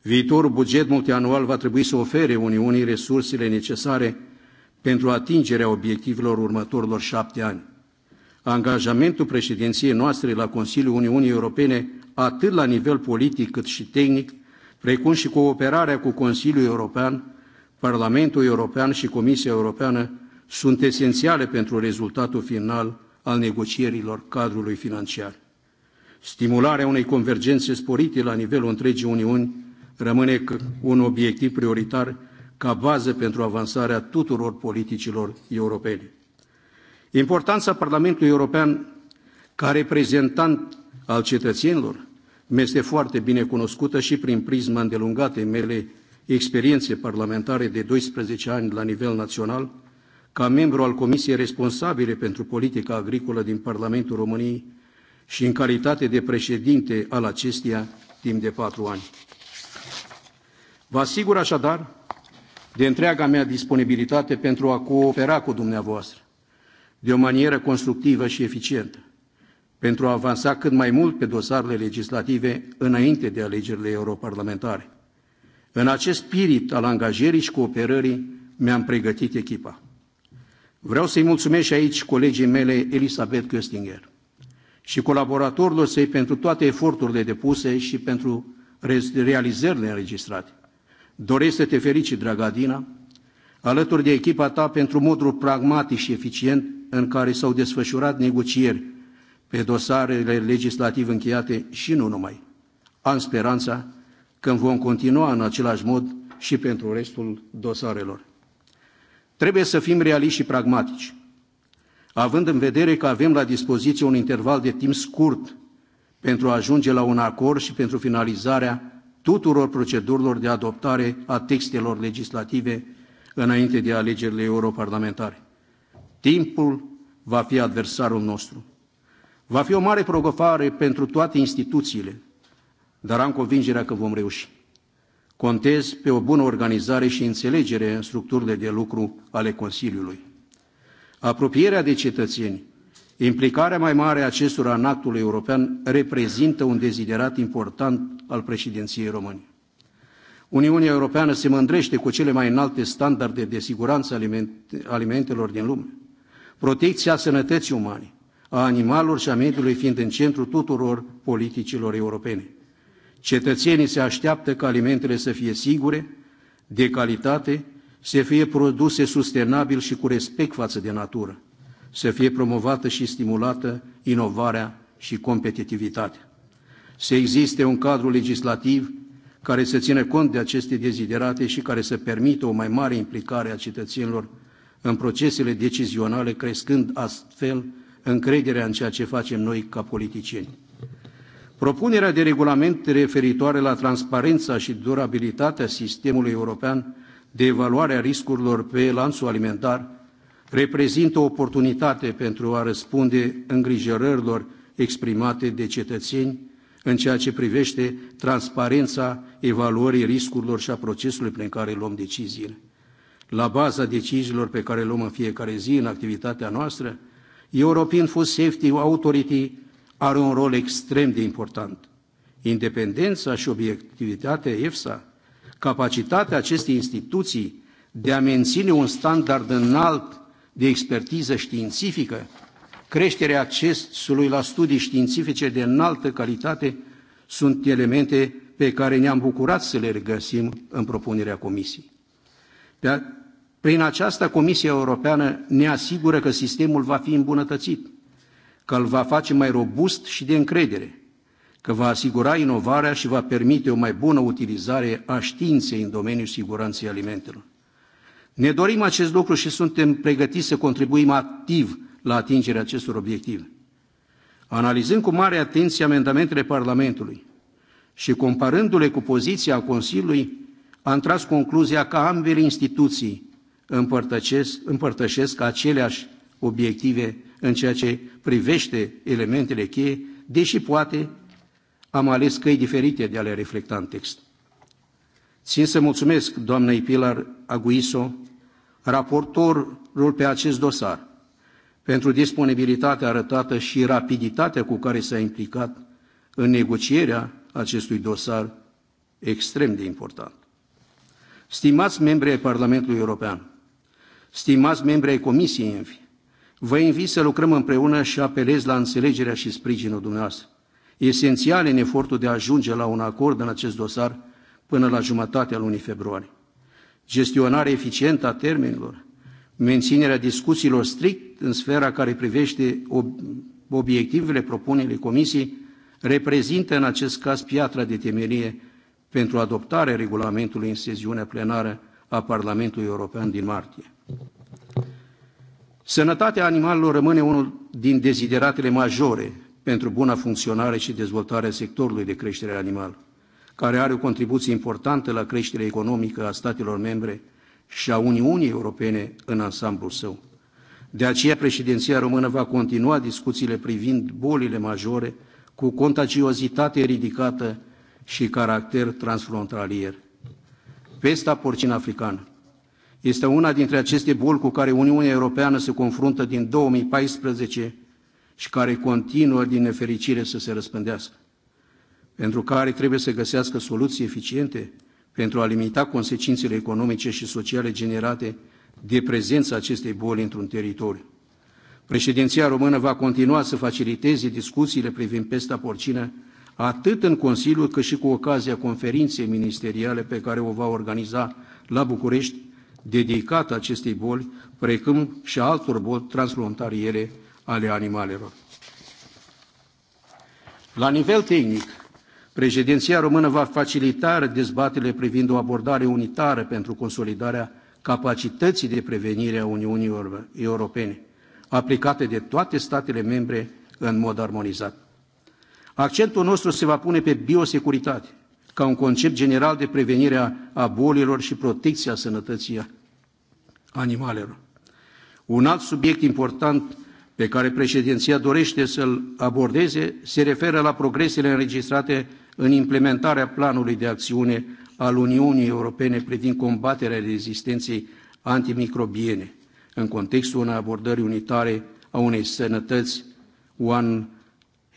Viitorul buget multianual va trebui să ofere Uniunii resursele necesare pentru atingerea obiectivelor următorilor șapte ani. Angajamentul președinției noastre la Consiliul Uniunii Europene, atât la nivel politic cât și tehnic, precum și cooperarea cu Consiliul European, Parlamentul European și Comisia Europeană sunt esențiale pentru rezultatul final al negocierilor cadrului financiar. Stimularea unei convergențe sporite la nivelul întregii Uniuni rămâne un obiectiv prioritar ca bază pentru avansarea tuturor politicilor europene. Importanța Parlamentului European ca reprezentant al cetățenilor Mi-este foarte bine cunoscută și prin prisma îndelungatei mele experiențe parlamentare de 12 ani la nivel național, ca membru al Comisiei responsabile pentru politica agricolă din Parlamentul României și în calitate de președinte al acesteia timp de patru ani. Vă asigur așadar de întreaga mea disponibilitate pentru a coopera cu dumneavoastră de o manieră constructivă și eficientă pentru a avansa cât mai mult pe dosarele legislative înainte de alegerile europarlamentare. În acest spirit al angajării și cooperării mi-am pregătit echipa. Vreau să-i mulțumesc și aici colegii mele Elisabeth Köstinger și colaboratorilor săi pentru toate eforturile depuse și pentru realizările înregistrate. Doresc să te felicit, dragă Adina, alături de echipa ta pentru modul pragmatic și eficient în care s-au desfășurat negocieri pe dosarele legislative încheiate și nu numai. Am speranța că vom continua în același mod și pentru restul dosarelor. Trebuie să fim realiști și pragmatici, având în vedere că avem la dispoziție un interval de timp scurt pentru a ajunge la un acord și pentru finalizarea tuturor procedurilor de adoptare a textelor legislative înainte de alegerile europarlamentare. Timpul va fi adversarul nostru. Va fi o mare provocare pentru toate instituțiile, dar am convingerea că vom reuși. Contez pe o bună organizare și înțelegere în structurile de lucru ale Consiliului. Apropierea de cetățeni, implicarea mai mare a acestora în actul european reprezintă un deziderat important al președinției române. Uniunea Europeană se mândrește cu cele mai înalte standarde de siguranță alimentelor din lume, protecția sănătății umane, a animalelor și a mediului fiind în centrul tuturor politicilor europene. Cetățenii se așteaptă ca alimentele să fie sigure, de calitate, să fie produse sustenabil și cu respect față de natură, să fie promovată și stimulată inovarea și competitivitatea. Să existe un cadru legislativ care să țină cont de aceste deziderate și care să permită o mai mare implicare a cetățenilor în procesele decizionale, crescând astfel încrederea în ceea ce facem noi ca politicieni. Propunerea de regulament referitoare la transparența și durabilitatea sistemului european de evaluare a riscurilor pe lanțul alimentar reprezintă o oportunitate pentru a răspunde îngrijorărilor exprimate de cetățeni în ceea ce privește transparența evaluării riscurilor și a procesului prin care luăm deciziile. La baza deciziilor pe care le luăm în fiecare zi în activitatea noastră European Food Safety Authority are un rol extrem de important. Independența și obiectivitatea EFSA, capacitatea acestei instituții de a menține un standard înalt de expertiză științifică, creșterea accesului la studii științifice de înaltă calitate sunt elemente pe care ne-am bucurat să le regăsim în propunerea Comisiei. Pe Prin aceasta, Comisia Europeană ne asigură că sistemul va fi îmbunătățit, că îl va face mai robust și de încredere, că va asigura inovarea și va permite o mai bună utilizare a științei în domeniul siguranței alimentelor. Ne dorim acest lucru și suntem pregătiți să contribuim activ la atingerea acestor obiective. Analizând cu mare atenție amendamentele Parlamentului și comparându-le cu poziția Consiliului, am tras concluzia că ambele instituții împărtășesc, împărtășesc aceleași obiective în ceea ce privește elementele cheie, deși poate am ales căi diferite de a le reflecta în text. Țin să mulțumesc doamnei Pilar Aguiso, raportorul pe acest dosar, pentru disponibilitatea arătată și rapiditatea cu care s-a implicat în negocierea acestui dosar extrem de important. Stimați membri ai Parlamentului European, Stimați membri ai Comisiei Envi, vă invit să lucrăm împreună și apelez la înțelegerea și sprijinul dumneavoastră, e esențial în efortul de a ajunge la un acord în acest dosar până la jumătatea lunii februarie. Gestionarea eficientă a termenilor, menținerea discuțiilor strict în sfera care privește ob obiectivele propunerii Comisiei reprezintă în acest caz piatra de temelie pentru adoptarea regulamentului în sesiunea plenară a Parlamentului European din martie. Sănătatea animalelor rămâne unul din dezideratele majore pentru buna funcționare și dezvoltarea sectorului de creștere animală, care are o contribuție importantă la creșterea economică a statelor membre și a Uniunii Europene în ansamblul său. De aceea, președinția română va continua discuțiile privind bolile majore cu contagiozitate ridicată și caracter transfrontalier, pesta porcină africană. Este una dintre aceste boli cu care Uniunea Europeană se confruntă din 2014 și care continuă din nefericire să se răspândească, pentru care trebuie să găsească soluții eficiente pentru a limita consecințele economice și sociale generate de prezența acestei boli într-un teritoriu. Președinția română va continua să faciliteze discuțiile privind pesta porcină atât în Consiliu cât și cu ocazia conferinței ministeriale pe care o va organiza la București, dedicată acestei boli, precum și a altor boli transfrontaliere ale animalelor. La nivel tehnic, președinția română va facilita dezbaterile privind o abordare unitară pentru consolidarea capacității de prevenire a Uniunii Europene, aplicate de toate statele membre în mod armonizat. Accentul nostru se va pune pe biosecuritate, ca un concept general de prevenire a bolilor și protecția sănătății animalelor. Un alt subiect important pe care președinția dorește să-l abordeze se referă la progresele înregistrate în implementarea planului de acțiune al Uniunii Europene privind combaterea rezistenței antimicrobiene în contextul unei abordări unitare a unei sănătăți One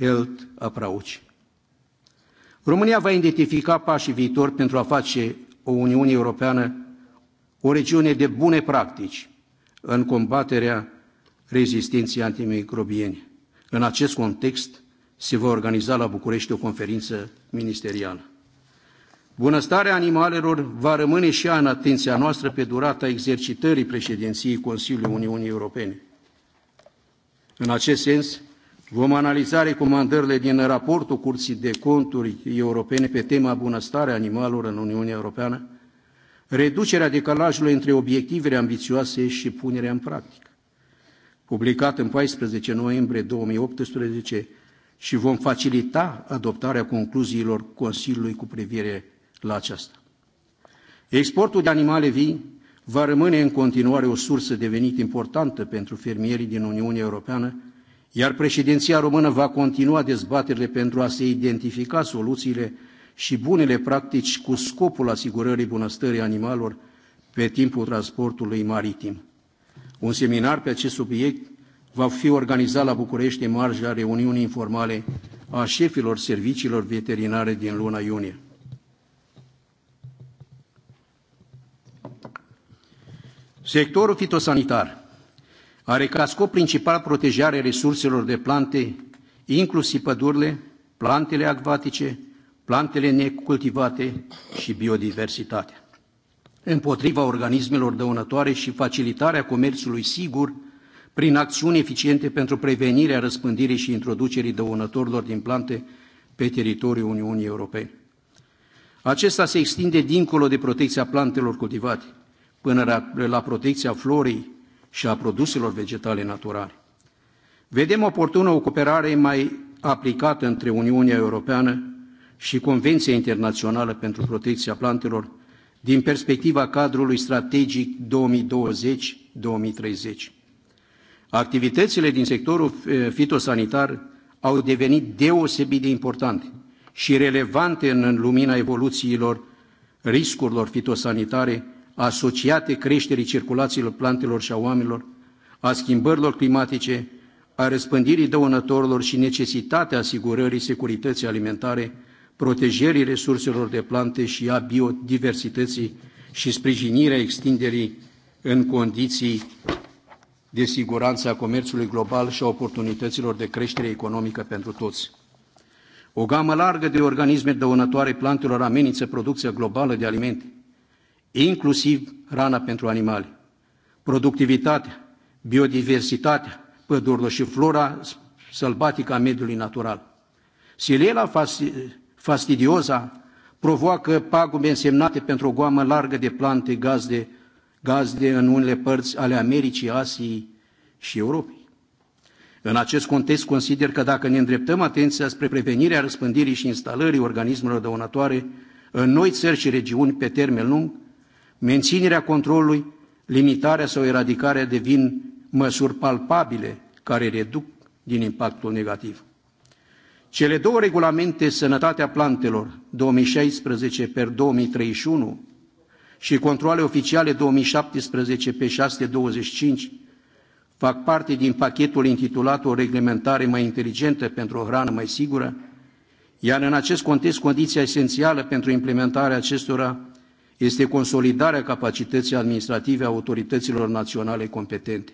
Health Approach. România va identifica pașii viitori pentru a face o Uniune Europeană o regiune de bune practici în combaterea rezistenței antimicrobiene. În acest context se va organiza la București o conferință ministerială. Bunăstarea animalelor va rămâne și ea în atenția noastră pe durata exercitării președinției Consiliului Uniunii Europene. În acest sens, Vom analiza recomandările din raportul Curții de Conturi Europene pe tema bunăstarea animalelor în Uniunea Europeană, reducerea decalajului între obiectivele ambițioase și punerea în practică. Publicat în 14 noiembrie 2018 și vom facilita adoptarea concluziilor Consiliului cu privire la aceasta. Exportul de animale vii va rămâne în continuare o sursă devenit importantă pentru fermierii din Uniunea Europeană, iar președinția română va continua dezbaterile pentru a se identifica soluțiile și bunele practici cu scopul asigurării bunăstării animalelor pe timpul transportului maritim. Un seminar pe acest subiect va fi organizat la București în marja reuniunii informale a șefilor serviciilor veterinare din luna iunie. Sectorul fitosanitar are ca scop principal protejarea resurselor de plante, inclusiv pădurile, plantele acvatice, plantele necultivate și biodiversitatea. Împotriva organismelor dăunătoare și facilitarea comerțului sigur prin acțiuni eficiente pentru prevenirea răspândirii și introducerii dăunătorilor din plante pe teritoriul Uniunii Europene. Acesta se extinde dincolo de protecția plantelor cultivate, până la protecția florii și a produselor vegetale naturale. Vedem oportună o cooperare mai aplicată între Uniunea Europeană și Convenția Internațională pentru Protecția Plantelor din perspectiva cadrului strategic 2020-2030. Activitățile din sectorul eh, fitosanitar au devenit deosebit de importante și relevante în lumina evoluțiilor riscurilor fitosanitare asociate creșterii circulațiilor plantelor și a oamenilor, a schimbărilor climatice, a răspândirii dăunătorilor și necesitatea asigurării securității alimentare, protejării resurselor de plante și a biodiversității și sprijinirea extinderii în condiții de siguranță a comerțului global și a oportunităților de creștere economică pentru toți. O gamă largă de organisme dăunătoare plantelor amenință producția globală de alimente inclusiv hrana pentru animale. Productivitatea, biodiversitatea, pădurilor și flora sălbatică a mediului natural. Siliela fastidiosa provoacă pagube însemnate pentru o goamă largă de plante gazde, gazde în unele părți ale Americii, Asiei și Europei. În acest context, consider că dacă ne îndreptăm atenția spre prevenirea răspândirii și instalării organismelor dăunătoare în noi țări și regiuni pe termen lung, menținerea controlului, limitarea sau eradicarea devin măsuri palpabile care reduc din impactul negativ. Cele două regulamente Sănătatea plantelor 2016 per 2031 și controle oficiale 2017 pe 625 fac parte din pachetul intitulat O reglementare mai inteligentă pentru o hrană mai sigură, iar în acest context condiția esențială pentru implementarea acestora este consolidarea capacității administrative a autorităților naționale competente.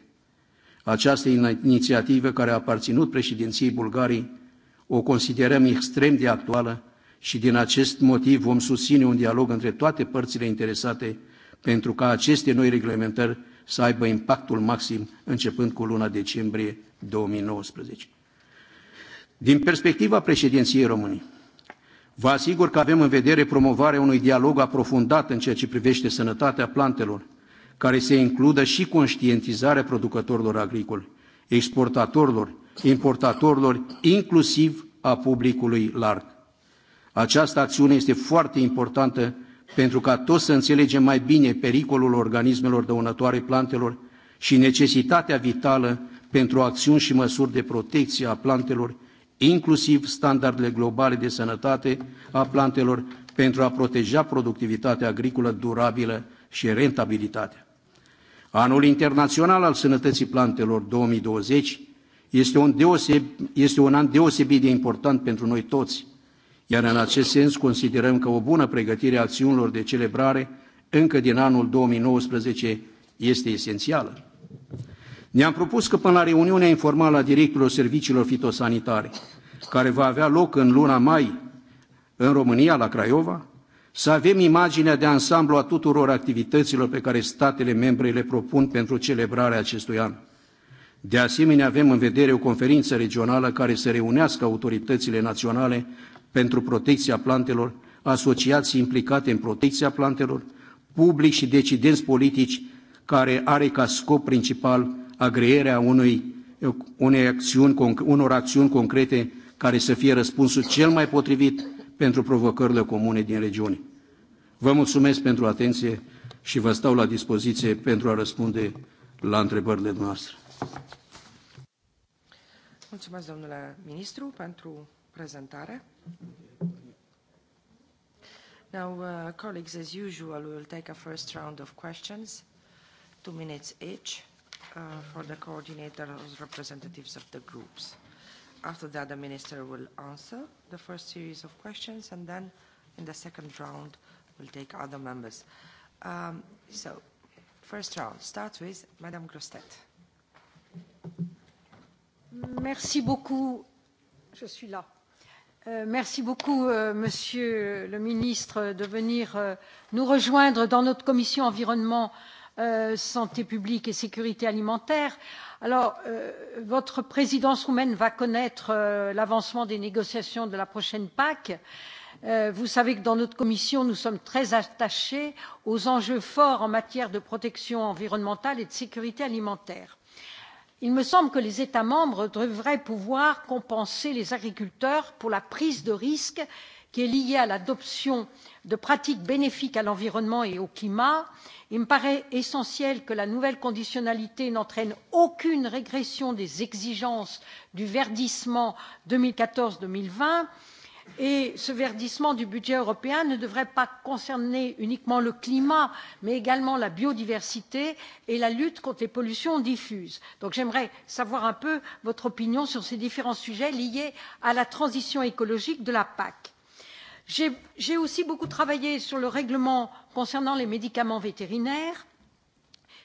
Această inițiativă care a aparținut președinției Bulgariei o considerăm extrem de actuală și din acest motiv vom susține un dialog între toate părțile interesate pentru ca aceste noi reglementări să aibă impactul maxim începând cu luna decembrie 2019. Din perspectiva președinției României, vă asigur că avem în vedere promovarea unui dialog aprofundat în ceea ce privește sănătatea plantelor care să includă și conștientizarea producătorilor agricoli exportatorilor importatorilor inclusiv a publicului larg. Această acțiune este foarte importantă pentru ca toți să înțelegem mai bine pericolul organismelor dăunătoare plantelor și necesitatea vitală pentru acțiuni și măsuri de protecție a plantelor inclusiv standardele globale de sănătate a plantelor pentru a proteja productivitatea agricolă durabilă și rentabilitatea. Anul Internațional al Sănătății Plantelor 2020 este un, deoseb, este un an deosebit de important pentru noi toți, iar în acest sens considerăm că o bună pregătire a acțiunilor de celebrare încă din anul 2019 este esențială ne-am propus că până la reuniunea informală a directorilor serviciilor fitosanitare, care va avea loc în luna mai în România, la Craiova, să avem imaginea de ansamblu a tuturor activităților pe care statele membre le propun pentru celebrarea acestui an. De asemenea, avem în vedere o conferință regională care să reunească autoritățile naționale pentru protecția plantelor, asociații implicate în protecția plantelor, public și decidenți politici care are ca scop principal agreerea unui, unei acțiuni, unor acțiuni concrete care să fie răspunsul cel mai potrivit pentru provocările comune din regiune. Vă mulțumesc pentru atenție și vă stau la dispoziție pentru a răspunde la întrebările noastre. Mulțumesc, domnule ministru, pentru prezentare. Now, uh, colleagues, as usual, we will take a first round of questions, two minutes each uh, for the coordinators, representatives of the groups. After that, the minister will answer the first series of questions, and then in the second round, we'll take other members. Um, so, first round, start with Madame Grostet. Merci beaucoup. Je suis là. Euh, merci beaucoup, euh, Monsieur le Ministre, de venir euh, nous rejoindre dans notre commission environnement euh, euh, santé publique et sécurité alimentaire. Alors, euh, votre présidence roumaine va connaître euh, l'avancement des négociations de la prochaine PAC. Euh, vous savez que dans notre commission, nous sommes très attachés aux enjeux forts en matière de protection environnementale et de sécurité alimentaire il me semble que les états membres devraient pouvoir compenser les agriculteurs pour la prise de risque qui est liée à l'adoption de pratiques bénéfiques à l'environnement et au climat il me paraît essentiel que la nouvelle conditionnalité n'entraîne aucune régression des exigences du verdissement deux mille quatorze deux mille vingt et ce verdissement du budget européen ne devrait pas concerner uniquement le climat mais également la biodiversité et la lutte contre les pollutions diffuses. j'aimerais savoir un peu votre opinion sur ces différents sujets liés à la transition écologique de la pac j'ai aussi beaucoup travaillé sur le règlement concernant les médicaments vétérinaires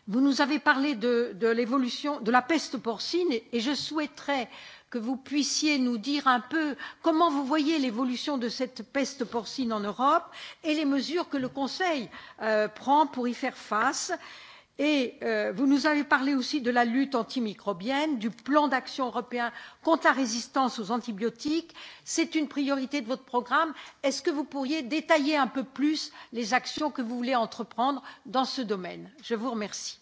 vous nous avez parlé de, de l'évolution de la peste porcine et, et je souhaiterais que vous puissiez nous dire un peu comment vous voyez l'évolution de cette peste porcine en europe et les mesures que le conseil euh, prend pour y faire face et et euh, vous nous avez parlé aussi de la lutte antimicrobienne du plan d'action européen contre la résistance aux antibiotiques c'est une priorité de votre programme est ce que vous pourriez détailler un peu plus les actions que vous voulez entreprendre dans ce domaine? je vous remercie.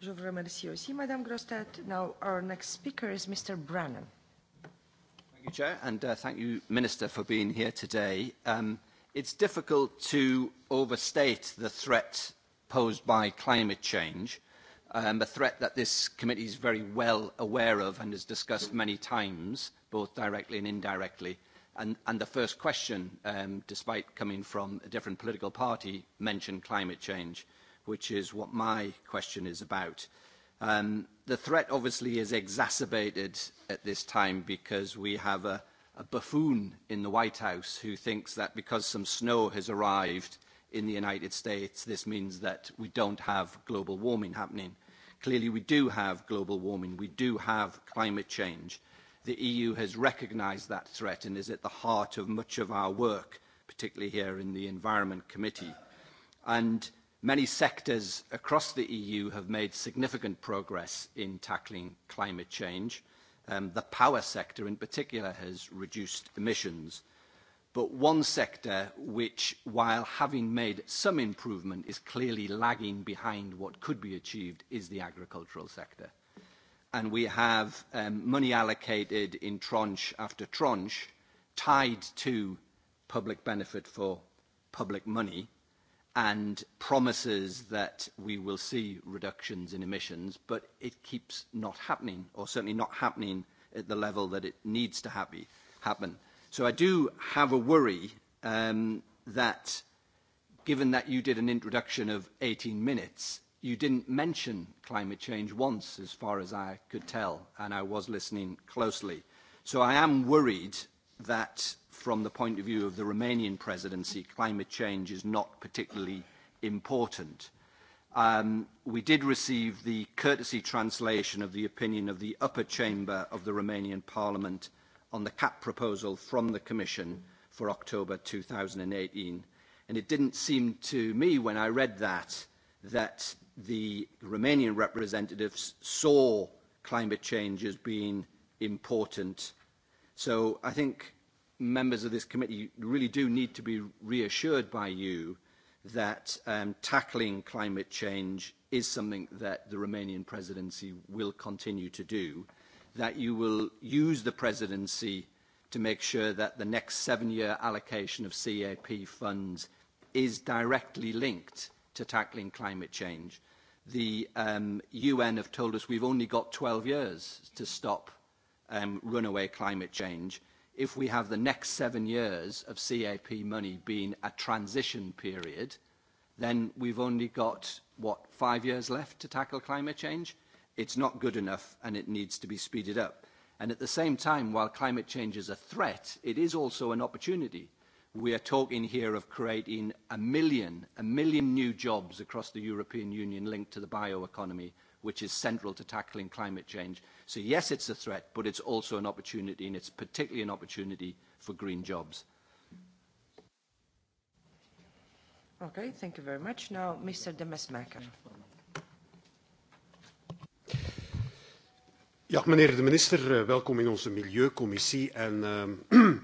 Je vous remercie aussi, Madame Grostat. Now, our next speaker is Mr. Brannan. Thank you, Chair, and uh, thank you, Minister, for being here today. Um, uh, It's difficult to overstate the threat posed by climate change, um, a threat that this committee is very well aware of and has discussed many times, both directly and indirectly. And, and the first question, um, despite coming from a different political party, mentioned climate change, which is what my question is about. Um, the threat obviously is exacerbated at this time because we have a, a buffoon in the White House who thinks that because some snow has arrived in the United States, this means that we don't have global warming happening. Clearly, we do have global warming. We do have climate change. The EU has recognised that threat and is at the heart of much of our work, particularly here in the Environment Committee. And many sectors across the EU have made significant progress in tackling climate change Um, the power sector in particular has reduced emissions. But one sector which, while having made some improvement, is clearly lagging behind what could be achieved is the agricultural sector. And we have um, money allocated in tranche after tranche tied to public benefit for public money and promises that we will see reductions in emissions, but it keeps not happening, or certainly not happening at the level that it needs to happy, happen. So I do have a worry um, that, given that you did an introduction of 18 minutes, you didn't mention climate change once, as far as I could tell, and I was listening closely. So I am worried that from the point of view of the Romanian presidency, climate change is not particularly important. Um, we did receive the courtesy translation of the opinion of the upper chamber of the Romanian parliament on the CAP proposal from the Commission for October 2018. And it didn't seem to me when I read that that the Romanian representatives saw climate change as being important So I think members of this committee really do need to be reassured by you that um, tackling climate change is something that the Romanian presidency will continue to do, that you will use the presidency to make sure that the next seven-year allocation of CAP funds is directly linked to tackling climate change. The um, UN have told us we've only got 12 years to stop um, runaway climate change if we have the next seven years of CAP money being a transition period, then we've only got, what, five years left to tackle climate change? It's not good enough and it needs to be speeded up. And at the same time, while climate change is a threat, it is also an opportunity. We are talking here of creating a million, a million new jobs across the European Union linked to the bioeconomy which is central to tackling climate change. So yes, it's a threat, but it's also an opportunity, and it's particularly an opportunity for green jobs. Okay, thank you very much. Now, Mr. De Mesmaker. Ja, meneer de minister, eh, welkom in onze Milieucommissie en uh, [CLEARS THROAT]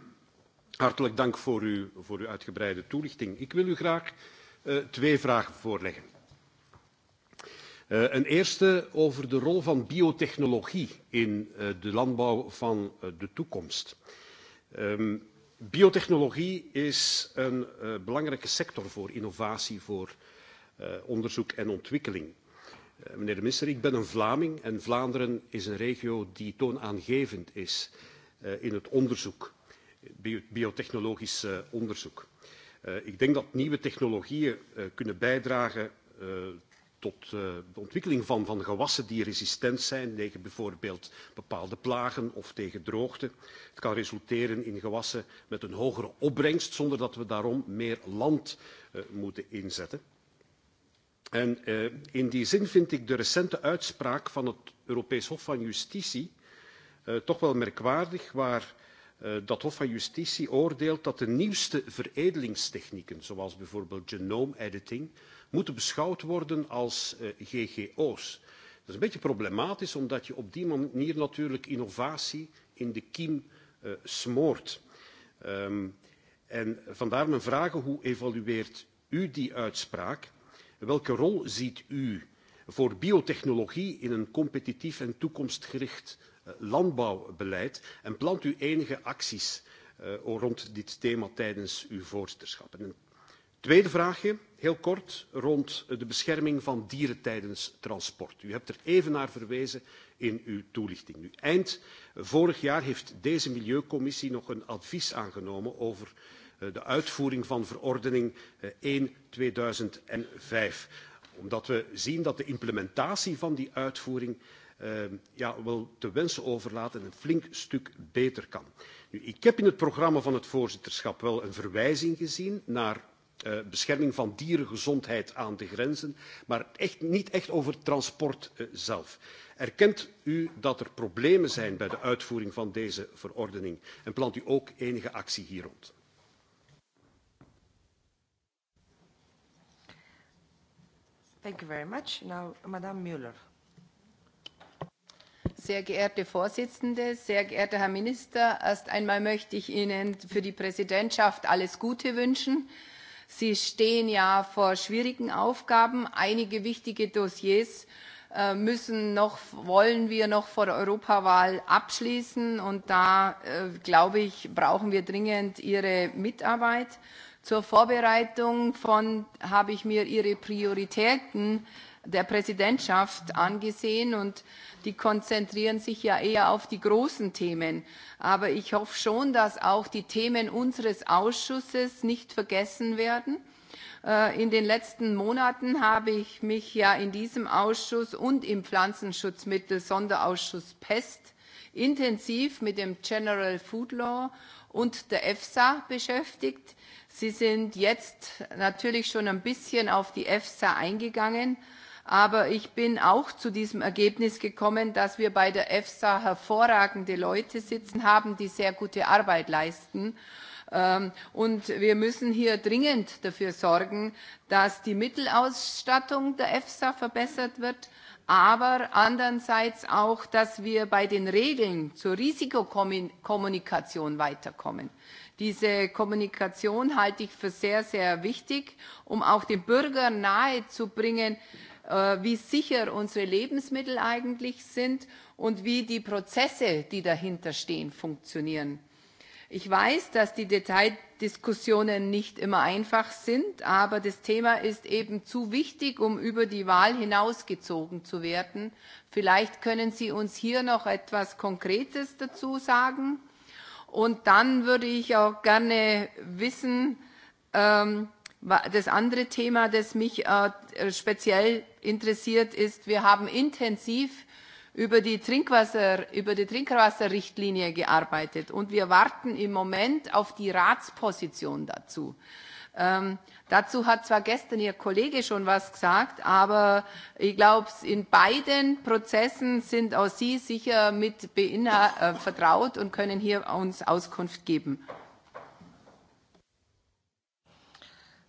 hartelijk dank voor, u, voor uw uitgebreide toelichting. Ik wil u graag uh, twee vragen voorleggen. Uh, een eerste over de rol van biotechnologie in uh, de landbouw van uh, de toekomst. Um, biotechnologie is een uh, belangrijke sector voor innovatie, voor uh, onderzoek en ontwikkeling. Uh, meneer de minister, ik ben een Vlaming en Vlaanderen is een regio die toonaangevend is uh, in het onderzoek, bio biotechnologisch uh, onderzoek. Uh, ik denk dat nieuwe technologieën uh, kunnen bijdragen uh, tot uh, de ontwikkeling van, van gewassen die resistent zijn tegen bijvoorbeeld bepaalde plagen of tegen droogte. Het kan resulteren in gewassen met een hogere opbrengst zonder dat we daarom meer land uh, moeten inzetten. En uh, in die zin vind ik de recente uitspraak van het Europees Hof van Justitie uh, toch wel merkwaardig, waar uh, dat Hof van Justitie oordeelt dat de nieuwste veredelingstechnieken, zoals bijvoorbeeld genoomediting, editing moeten beschouwd worden als eh, GGO's. Dat is een beetje problematisch, omdat je op die manier natuurlijk innovatie in de kiem uh, smoort. Um, en vandaar mijn vragen, hoe evalueert u die uitspraak? Welke rol ziet u voor biotechnologie in een competitief en toekomstgericht uh, landbouwbeleid? En plant u enige acties uh, rond dit thema tijdens uw voorzitterschap? En een tweede vraagje. Heel kort rond de bescherming van dieren tijdens transport. U hebt er even naar verwezen in uw toelichting. Nu, eind vorig jaar heeft deze Milieucommissie nog een advies aangenomen over eh, de uitvoering van verordening 1-2005. Eh, Omdat we zien dat de implementatie van die uitvoering uh, ja, wel te wensen overlaat en een flink stuk beter kan. Nu, ik heb in het programma van het voorzitterschap wel een verwijzing gezien naar uh, bescherming van dierengezondheid aan de grenzen, maar echt, niet echt over transport uh, zelf. Erkent u dat er problemen zijn bij de uitvoering van deze verordening en plant u ook enige actie hier rond? Thank you very much. Now, Madame Müller. Sehr geehrte Vorsitzende, sehr geehrter Herr Minister, erst einmal möchte ich Ihnen für die Präsidentschaft alles Gute wünschen. Äh, Sie stehen ja vor schwierigen Aufgaben. Einige wichtige Dossiers äh, müssen noch, wollen wir noch vor der Europawahl abschließen. Und da, äh, glaube ich, brauchen wir dringend Ihre Mitarbeit. Zur Vorbereitung von habe ich mir Ihre Prioritäten der Präsidentschaft angesehen und die konzentrieren sich ja eher auf die großen Themen. Aber ich hoffe schon, dass auch die Themen unseres Ausschusses nicht vergessen werden. Äh, in den letzten Monaten habe ich mich ja in diesem Ausschuss und im Pflanzenschutzmittel-Sonderausschuss Pest intensiv mit dem General Food Law und der EFSA beschäftigt. Sie sind jetzt natürlich schon ein bisschen auf die EFSA eingegangen, Aber ich bin auch zu diesem Ergebnis gekommen, dass wir bei der EFSA hervorragende Leute sitzen haben, die sehr gute Arbeit leisten. Ähm, und wir müssen hier dringend dafür sorgen, dass die Mittelausstattung der EFSA verbessert wird, aber andererseits auch, dass wir bei den Regeln zur Risikokommunikation weiterkommen. Diese Kommunikation halte ich für sehr, sehr wichtig, um auch den Bürgern nahezubringen, Äh, wie sicher unsere Lebensmittel eigentlich sind und wie die Prozesse, die dahinter stehen, funktionieren. Ich weiß, dass die Detaildiskussionen nicht immer einfach sind, aber das Thema ist eben zu wichtig, um über die Wahl hinausgezogen zu werden. Vielleicht können Sie uns hier noch etwas Konkretes dazu sagen. Und dann würde ich auch gerne wissen, ähm, Das andere Thema, das mich äh, äh, speziell interessiert, ist, wir haben intensiv über die, Trinkwasser, über die Trinkwasserrichtlinie gearbeitet und wir warten im Moment auf die Ratsposition dazu. Ähm, dazu hat zwar gestern Ihr Kollege schon was gesagt, aber ich glaube, in beiden Prozessen sind auch Sie sicher mit äh, vertraut und können hier uns Auskunft geben.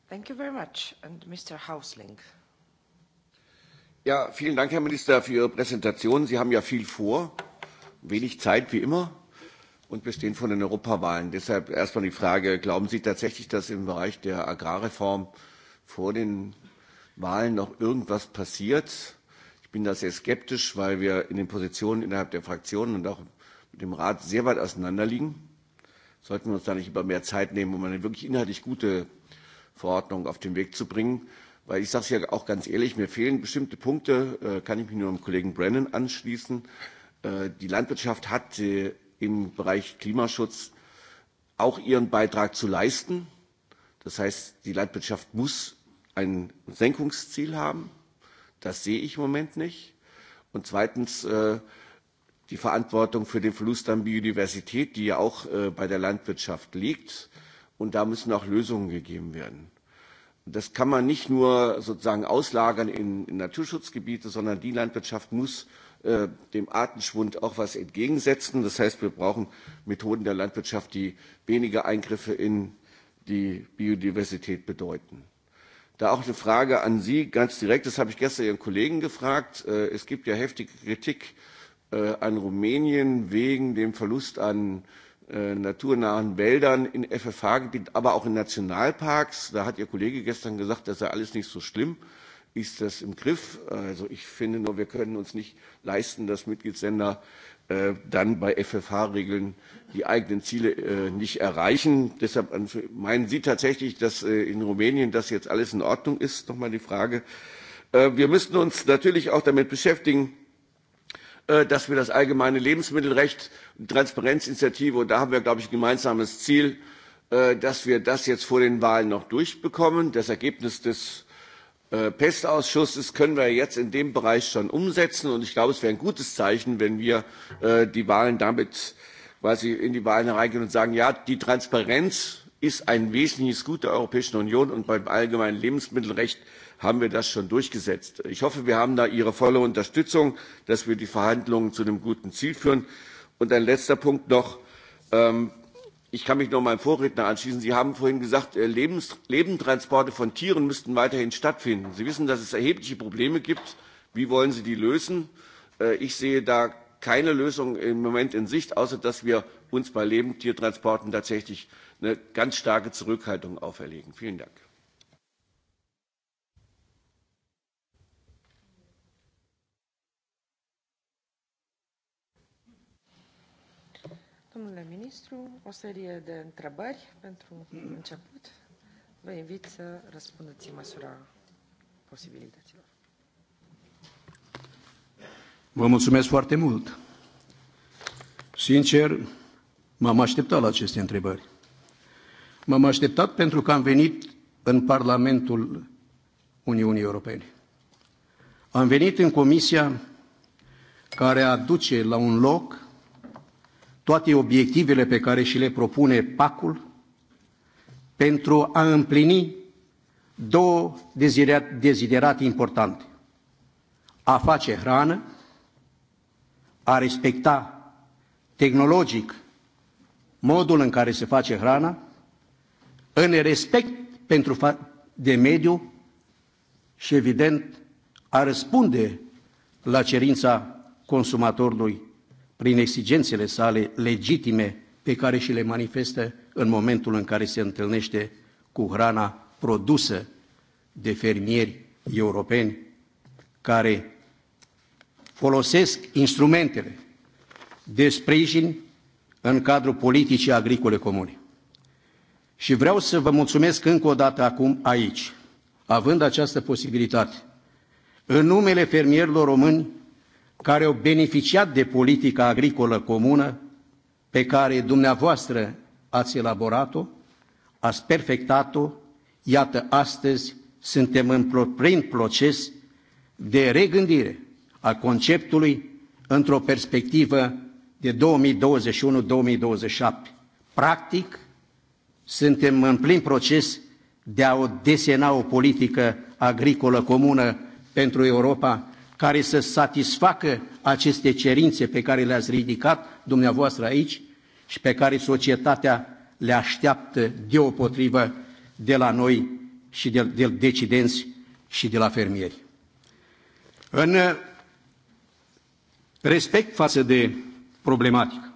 Thank you very much. And Mr. Hausling. Ja, vielen Dank, Herr Minister, für Ihre Präsentation. Sie haben ja viel vor, wenig Zeit wie immer und wir stehen vor den Europawahlen. Deshalb erstmal die Frage, glauben Sie tatsächlich, dass im Bereich der Agrarreform vor den Wahlen noch irgendwas passiert? Ich bin da sehr skeptisch, weil wir in den Positionen innerhalb der Fraktionen und auch mit dem Rat sehr weit auseinander liegen. Sollten wir uns da nicht über mehr Zeit nehmen, um eine wirklich inhaltlich gute Verordnung auf den Weg zu bringen. Weil ich sage es ja auch ganz ehrlich, mir fehlen bestimmte Punkte, äh, kann ich mich nur dem Kollegen Brennan anschließen. Äh, die Landwirtschaft hat äh, im Bereich Klimaschutz auch ihren Beitrag zu leisten. Das heißt, die Landwirtschaft muss ein Senkungsziel haben. Das sehe ich im Moment nicht. Und zweitens äh, die Verantwortung für den Verlust an Biodiversität, die ja auch äh, bei der Landwirtschaft liegt. Äh, Und da müssen auch Lösungen gegeben werden. Das kann man nicht nur sozusagen auslagern in, in Naturschutzgebiete, sondern die Landwirtschaft muss äh, dem Artenschwund auch was entgegensetzen. Das heißt, wir brauchen Methoden der Landwirtschaft, die weniger Eingriffe in die Biodiversität bedeuten. Da auch eine Frage an Sie ganz direkt, das habe ich gestern Ihren Kollegen gefragt. Äh, es gibt ja heftige Kritik äh, an Rumänien wegen dem Verlust an äh, naturnahen Wäldern in FFH-Gebieten, aber auch in Nationalparks. Da hat Ihr Kollege gestern gesagt, das sei alles nicht so schlimm. Ist das im Griff? Also ich finde nur, wir können uns nicht leisten, dass Mitgliedsländer äh, dann bei FFH-Regeln die eigenen Ziele äh, nicht erreichen. Deshalb meinen Sie tatsächlich, dass äh, in Rumänien das jetzt alles in Ordnung ist? Nochmal die Frage. Äh, wir müssen uns natürlich auch damit beschäftigen, äh, Äh, dass wir das allgemeine Lebensmittelrecht, Transparenzinitiative, und da haben wir, glaube ich, ein gemeinsames Ziel, äh, dass wir das jetzt vor den Wahlen noch durchbekommen. Das Ergebnis des äh, PEST-Ausschusses können wir jetzt in dem Bereich schon umsetzen. Und ich glaube, es wäre ein gutes Zeichen, wenn wir die Wahlen damit quasi in die Wahlen hereingehen und sagen, ja, die Transparenz ist ein wesentliches Gut der Europäischen Union und beim allgemeinen Lebensmittelrecht äh, haben wir das schon durchgesetzt. Ich hoffe, wir haben da Ihre volle Unterstützung, dass wir die Verhandlungen zu einem guten Ziel führen. Und ein letzter Punkt noch. Ähm, ich kann mich noch meinem Vorredner anschließen. Sie haben vorhin gesagt, äh, Lebens Lebendtransporte von Tieren müssten weiterhin stattfinden. Sie wissen, dass es erhebliche Probleme gibt. Wie wollen Sie die lösen? Äh, ich sehe da keine Lösung im Moment in Sicht, außer dass wir uns bei Lebendtiertransporten tatsächlich eine ganz starke Zurückhaltung auferlegen. Vielen Dank. domnule ministru. O serie de întrebări pentru început. Vă invit să răspundeți în măsura posibilităților. Vă mulțumesc foarte mult. Sincer, m-am așteptat la aceste întrebări. M-am așteptat pentru că am venit în Parlamentul Uniunii Europene. Am venit în comisia care aduce la un loc toate obiectivele pe care și le propune pacul pentru a împlini două deziderate importante. A face hrană, a respecta tehnologic modul în care se face hrana, în respect pentru de mediu și, evident, a răspunde la cerința consumatorului prin exigențele sale legitime pe care și le manifestă în momentul în care se întâlnește cu hrana produsă de fermieri europeni care folosesc instrumentele de sprijin în cadrul politicii agricole comune. Și vreau să vă mulțumesc încă o dată acum aici, având această posibilitate, în numele fermierilor români care au beneficiat de politica agricolă comună pe care dumneavoastră ați elaborat-o, ați perfectat-o, iată astăzi suntem în prin proces de regândire a conceptului într-o perspectivă de 2021-2027. Practic, suntem în plin proces de a desena o politică agricolă comună pentru Europa care să satisfacă aceste cerințe pe care le-ați ridicat dumneavoastră aici și pe care societatea le așteaptă deopotrivă de la noi și de, de decidenți și de la fermieri. În uh, respect față de problematică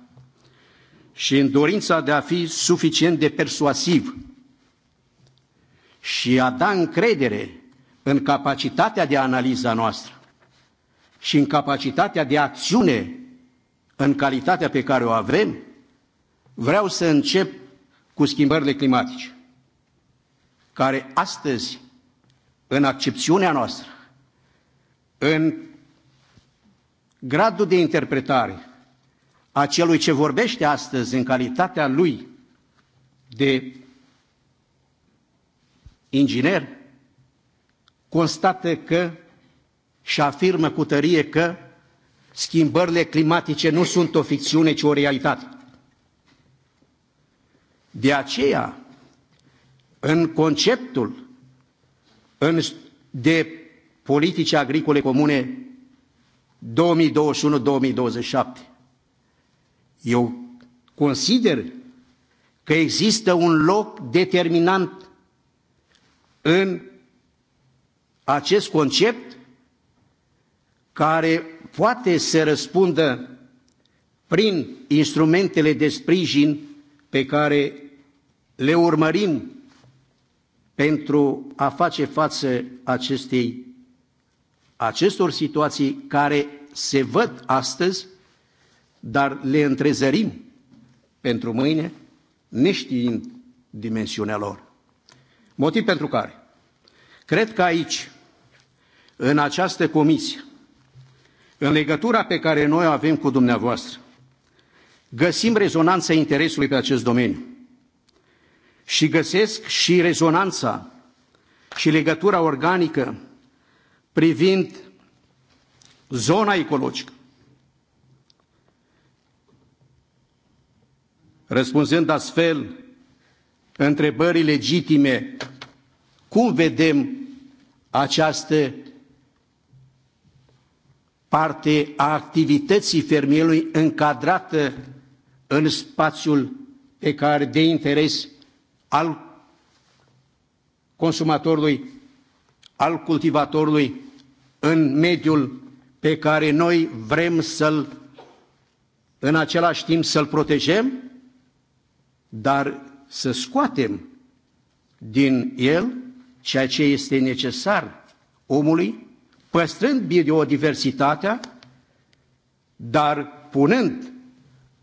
și în dorința de a fi suficient de persuasiv și a da încredere în capacitatea de analiză a noastră, și în capacitatea de acțiune, în calitatea pe care o avem, vreau să încep cu schimbările climatice, care astăzi, în accepțiunea noastră, în gradul de interpretare a celui ce vorbește astăzi în calitatea lui de inginer, constată că și afirmă cu tărie că schimbările climatice nu sunt o ficțiune, ci o realitate. De aceea, în conceptul în, de politici agricole comune 2021-2027, eu consider că există un loc determinant în acest concept care poate să răspundă prin instrumentele de sprijin pe care le urmărim pentru a face față acestei, acestor situații care se văd astăzi, dar le întrezărim pentru mâine, neștiind dimensiunea lor. Motiv pentru care cred că aici, în această comisie, În legătura pe care noi o avem cu dumneavoastră, găsim rezonanța interesului pe acest domeniu și găsesc și rezonanța și legătura organică privind zona ecologică. Răspunzând astfel întrebării legitime, cum vedem această parte a activității fermierului încadrată în spațiul pe care de interes al consumatorului, al cultivatorului, în mediul pe care noi vrem să-l, în același timp, să-l protejăm, dar să scoatem din el ceea ce este necesar omului păstrând biodiversitatea, dar punând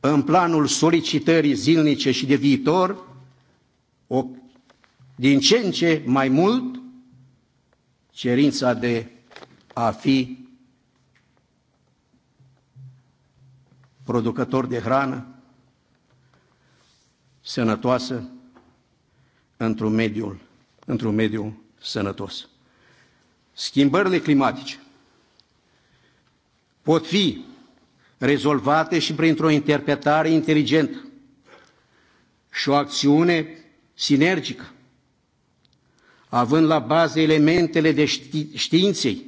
în planul solicitării zilnice și de viitor o, din ce în ce mai mult cerința de a fi producător de hrană sănătoasă într-un mediu, într-un mediu sănătos schimbările climatice pot fi rezolvate și printr-o interpretare inteligentă și o acțiune sinergică, având la bază elementele de ști științei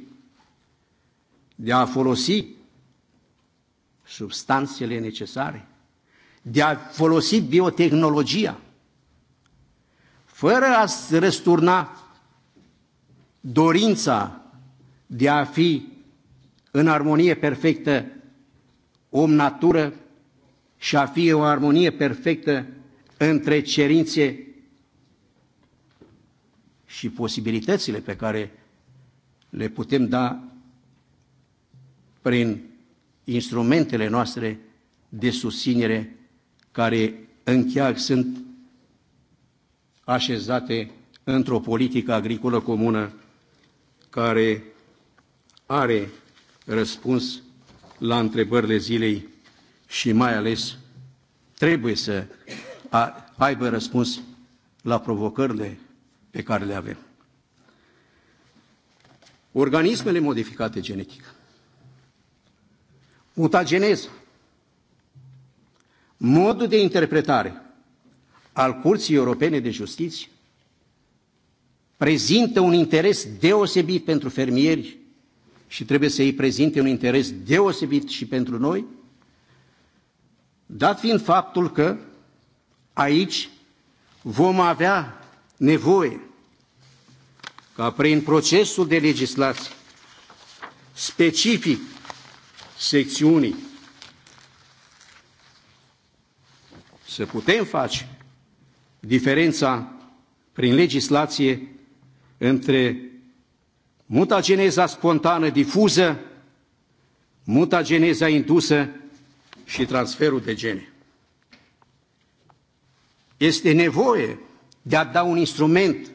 de a folosi substanțele necesare, de a folosi biotehnologia, fără a răsturna dorința de a fi în armonie perfectă om-natură și a fi o armonie perfectă între cerințe și posibilitățile pe care le putem da prin instrumentele noastre de susținere care încheag sunt așezate într-o politică agricolă comună care are răspuns la întrebările zilei și mai ales trebuie să aibă răspuns la provocările pe care le avem. Organismele modificate genetic, mutageneză, modul de interpretare al Curții Europene de Justiție prezintă un interes deosebit pentru fermieri și trebuie să îi prezinte un interes deosebit și pentru noi, dat fiind faptul că aici vom avea nevoie ca prin procesul de legislație specific secțiunii să putem face diferența prin legislație între mutageneza spontană difuză, mutageneza indusă și transferul de gene. Este nevoie de a da un instrument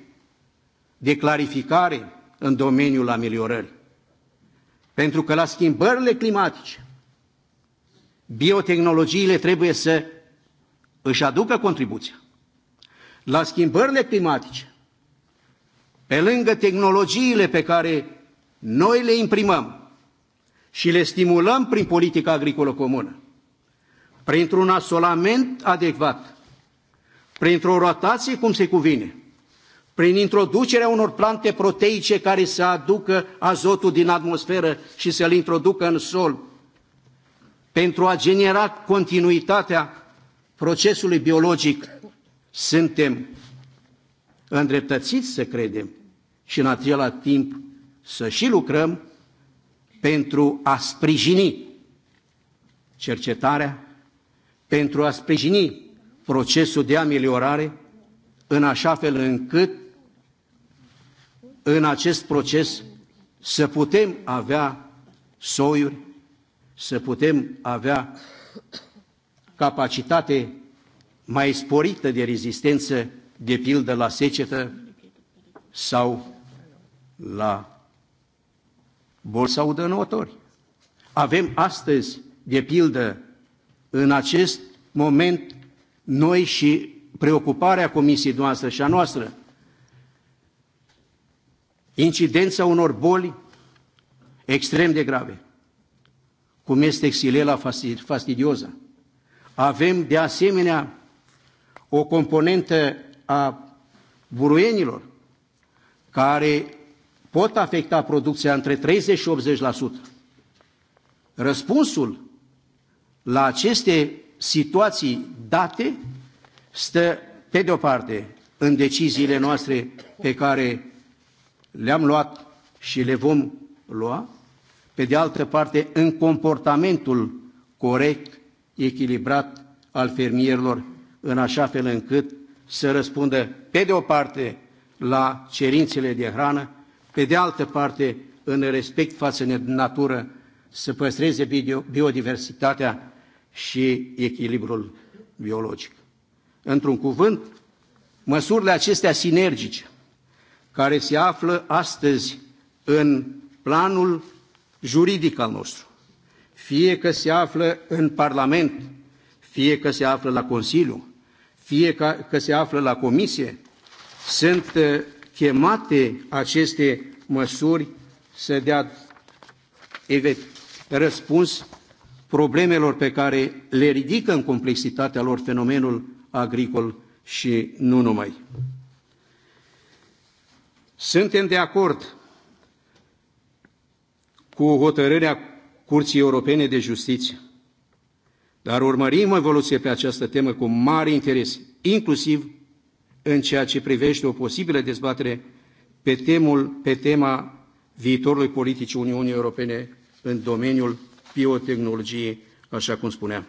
de clarificare în domeniul ameliorării. Pentru că la schimbările climatice, biotehnologiile trebuie să își aducă contribuția. La schimbările climatice, Pe lângă tehnologiile pe care noi le imprimăm și le stimulăm prin politica agricolă comună, printr-un asolament adecvat, printr-o rotație cum se cuvine, prin introducerea unor plante proteice care să aducă azotul din atmosferă și să-l introducă în sol, pentru a genera continuitatea procesului biologic, suntem îndreptățiți să credem și în același timp să și lucrăm pentru a sprijini cercetarea, pentru a sprijini procesul de ameliorare, în așa fel încât în acest proces să putem avea soiuri, să putem avea capacitate mai sporită de rezistență, de pildă la secetă sau la bolsa udănători. Avem astăzi, de pildă, în acest moment, noi și preocuparea comisiei noastre și a noastră, incidența unor boli extrem de grave, cum este xilela fastidioza. Avem, de asemenea, o componentă a buruienilor, care pot afecta producția între 30 și 80%. Răspunsul la aceste situații date stă, pe de o parte, în deciziile noastre pe care le-am luat și le vom lua, pe de altă parte, în comportamentul corect, echilibrat al fermierilor, în așa fel încât să răspundă, pe de o parte, la cerințele de hrană pe de altă parte, în respect față de natură, să păstreze biodiversitatea și echilibrul biologic. Într-un cuvânt, măsurile acestea sinergice, care se află astăzi în planul juridic al nostru, fie că se află în Parlament, fie că se află la Consiliu, fie că se află la Comisie, sunt uh, chemate aceste măsuri să dea răspuns problemelor pe care le ridică în complexitatea lor fenomenul agricol și nu numai. Suntem de acord cu hotărârea Curții Europene de Justiție, dar urmărim evoluție pe această temă cu mare interes, inclusiv în ceea ce privește o posibilă dezbatere pe, temul, pe tema viitorului politicii Uniunii Europene în domeniul biotehnologiei, așa cum spuneam.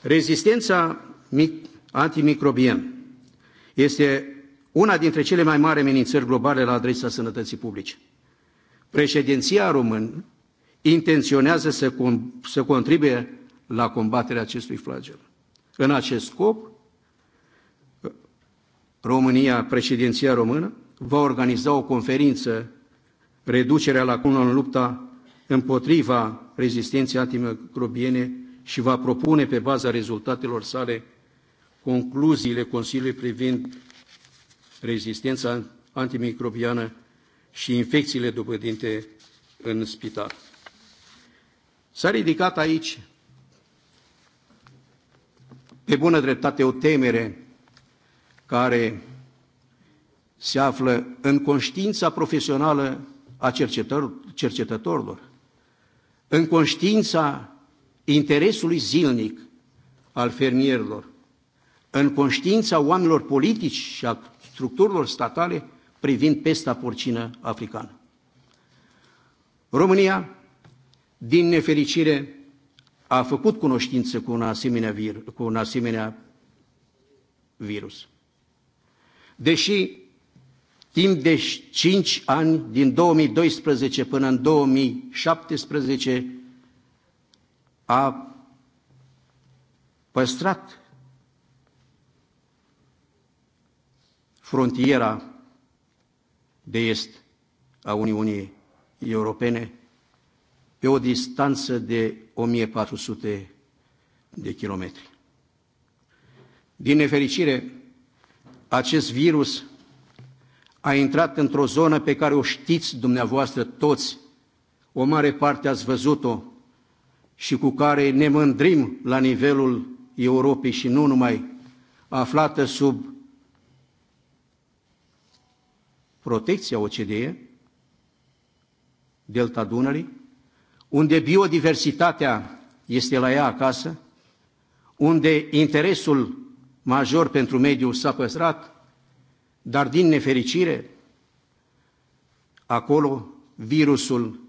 Rezistența antimicrobian este una dintre cele mai mari amenințări globale la adresa sănătății publice. Președinția română intenționează să, com- să contribuie la combaterea acestui flagel. În acest scop, România, președinția română, va organiza o conferință reducerea lacunelor în lupta împotriva rezistenței antimicrobiene și va propune pe baza rezultatelor sale concluziile Consiliului privind rezistența antimicrobiană și infecțiile dobândite în spital. S-a ridicat aici, pe bună dreptate, o temere care se află în conștiința profesională a cercetătorilor, în conștiința interesului zilnic al fermierilor, în conștiința oamenilor politici și a structurilor statale privind pesta porcină africană. România, din nefericire, a făcut cunoștință cu un asemenea, vir, cu un asemenea virus. Deși timp de 5 ani, din 2012 până în 2017, a păstrat frontiera de est a Uniunii Europene pe o distanță de 1400 de kilometri. Din nefericire, acest virus a intrat într-o zonă pe care o știți dumneavoastră toți, o mare parte ați văzut-o și cu care ne mândrim la nivelul Europei și nu numai, aflată sub protecția OCDE, Delta Dunării, unde biodiversitatea este la ea acasă, unde interesul major pentru mediu s-a păstrat, dar din nefericire, acolo virusul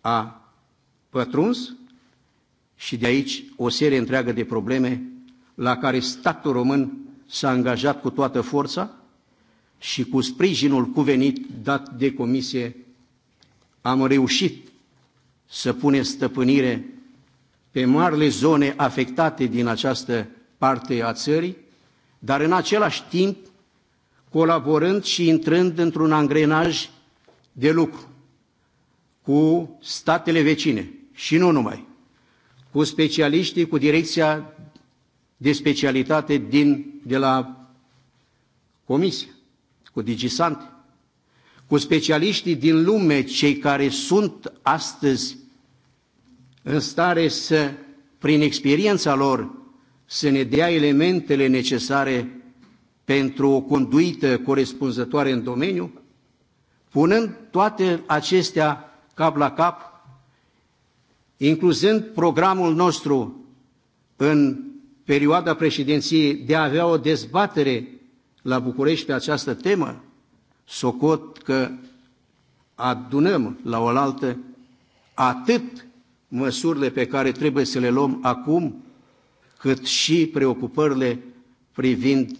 a pătruns și de aici o serie întreagă de probleme la care statul român s-a angajat cu toată forța și cu sprijinul cuvenit dat de comisie am reușit să punem stăpânire pe marile zone afectate din această parte a țării, dar în același timp colaborând și intrând într-un angrenaj de lucru cu statele vecine și nu numai, cu specialiștii, cu direcția de specialitate din, de la comisie, cu digisante, cu specialiștii din lume, cei care sunt astăzi în stare să, prin experiența lor, să ne dea elementele necesare pentru o conduită corespunzătoare în domeniu, punând toate acestea cap la cap, incluzând programul nostru în perioada președinției de a avea o dezbatere la București pe această temă, socot că adunăm la oaltă atât măsurile pe care trebuie să le luăm acum, cât și preocupările privind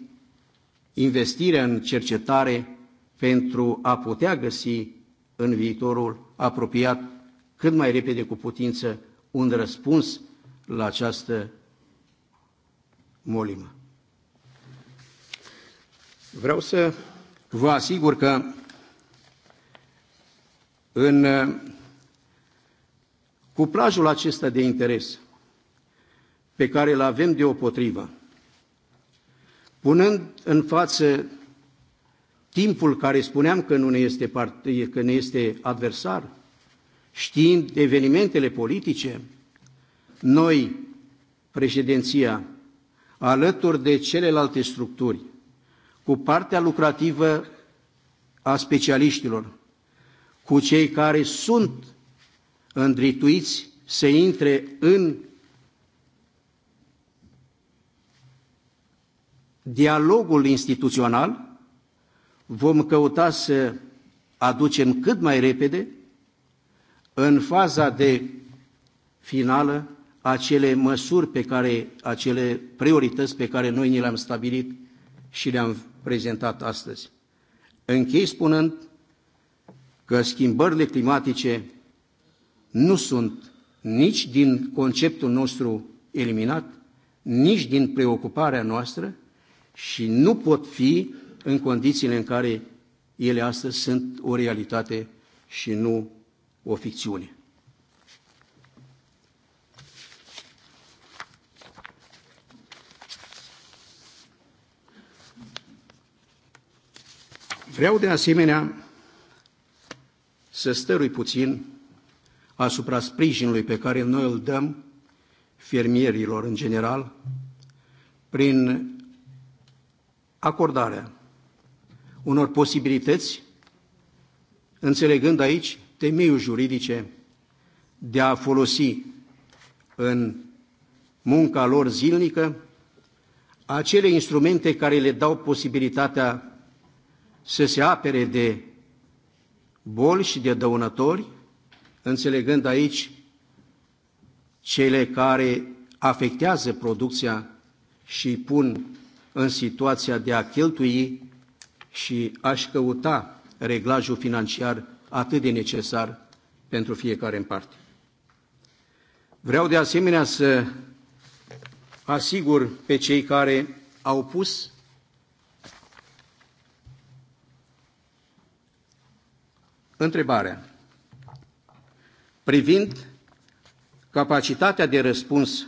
investirea în cercetare pentru a putea găsi în viitorul apropiat, cât mai repede cu putință, un răspuns la această molimă. Vreau să vă asigur că în cuplajul acesta de interes pe care îl avem deopotrivă. Punând în față timpul care spuneam că nu ne este, part, că ne este adversar, știind evenimentele politice, noi, președinția, alături de celelalte structuri, cu partea lucrativă a specialiștilor, cu cei care sunt îndrituiți să intre în dialogul instituțional, vom căuta să aducem cât mai repede în faza de finală acele măsuri pe care, acele priorități pe care noi ni le-am stabilit și le-am prezentat astăzi. Închei spunând că schimbările climatice nu sunt nici din conceptul nostru eliminat, nici din preocuparea noastră, și nu pot fi în condițiile în care ele astăzi sunt o realitate și nu o ficțiune. Vreau de asemenea să stărui puțin asupra sprijinului pe care noi îl dăm fermierilor în general prin acordarea unor posibilități, înțelegând aici temeiul juridice de a folosi în munca lor zilnică acele instrumente care le dau posibilitatea să se apere de boli și de dăunători, înțelegând aici cele care afectează producția și pun în situația de a cheltui și a-și căuta reglajul financiar atât de necesar pentru fiecare în parte. Vreau de asemenea să asigur pe cei care au pus întrebarea privind capacitatea de răspuns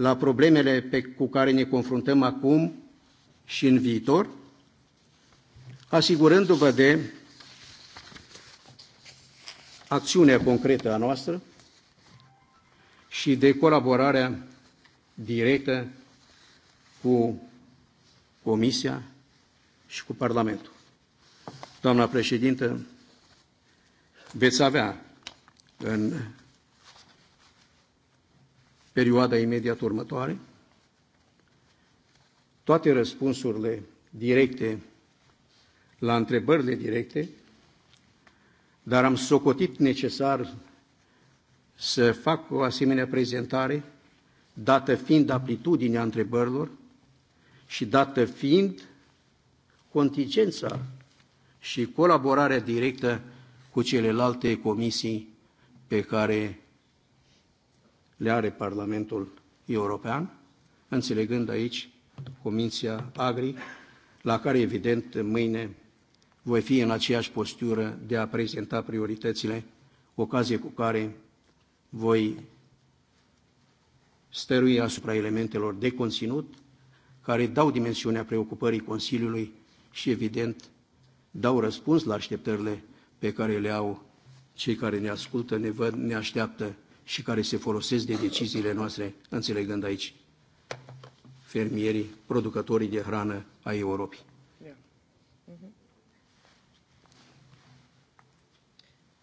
la problemele pe, cu care ne confruntăm acum și în viitor, asigurându-vă de acțiunea concretă a noastră și de colaborarea directă cu Comisia și cu Parlamentul. Doamna președintă, veți avea în perioada imediat următoare? Toate răspunsurile directe la întrebările directe, dar am socotit necesar să fac o asemenea prezentare, dată fiind amplitudinea întrebărilor și dată fiind contingența și colaborarea directă cu celelalte comisii pe care le are Parlamentul European, înțelegând aici Comisia Agri, la care, evident, mâine voi fi în aceeași postură de a prezenta prioritățile, ocazie cu care voi stărui asupra elementelor de conținut, care dau dimensiunea preocupării Consiliului și, evident, dau răspuns la așteptările pe care le au cei care ne ascultă, ne văd, ne așteaptă și care se folosesc de deciziile noastre, înțelegând aici fermierii, producătorii de hrană a Europei. Yeah. Mm -hmm.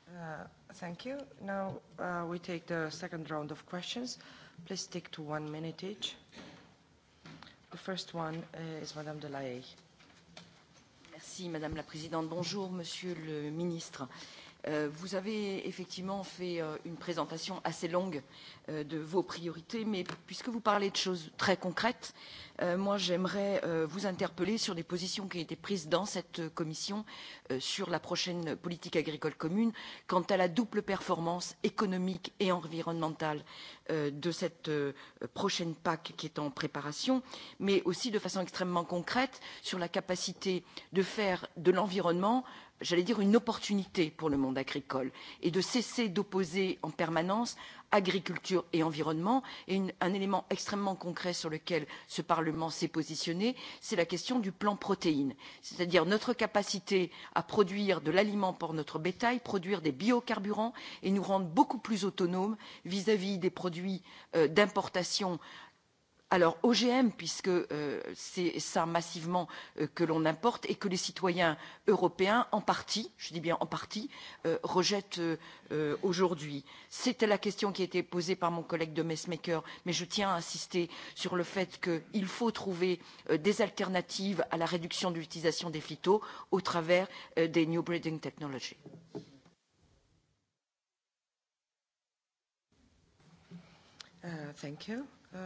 uh, thank you. Now uh, we take the second round of questions. Please stick to one minute each. The first one uh, is Madame Delahaye. Merci Madame la Présidente. Bonjour Monsieur le Ministre. Euh, Euh, vous avez effectivement fait euh, une présentation assez longue euh, de vos priorités, mais puisque vous parlez de choses très concrètes, moi j'aimerais vous interpeller sur des positions qui ont été prises dans cette commission sur la prochaine politique agricole commune quant à la double performance économique et environnementale de cette prochaine PAC qui est en préparation, mais aussi de façon extrêmement concrète sur la capacité de faire de l'environnement j'allais dire une opportunité pour le monde agricole et de cesser d'opposer en permanence agriculture et environnement. Et une, un élément extrêmement concret sur lequel ce Parlement s'est positionné, c'est la question du plan protéines, c'est-à-dire notre capacité à produire de l'aliment pour notre bétail, produire des biocarburants et nous rendre beaucoup plus autonomes vis-à-vis -vis des produits euh, d'importation alors ogm puisque euh, c'est ça massivement euh, que l'on importe et que les citoyens européens en partie je dis bien en partie euh, rejettent euh, aujourd'hui. c'était la question qui a été posée par mon collègue de mesmaeker mais je tiens à insister sur le fait qu'il faut trouver euh, des alternatives à la réduction de l'utilisation des phytos au travers euh, des new breeding technologies. Uh, thank you. Uh,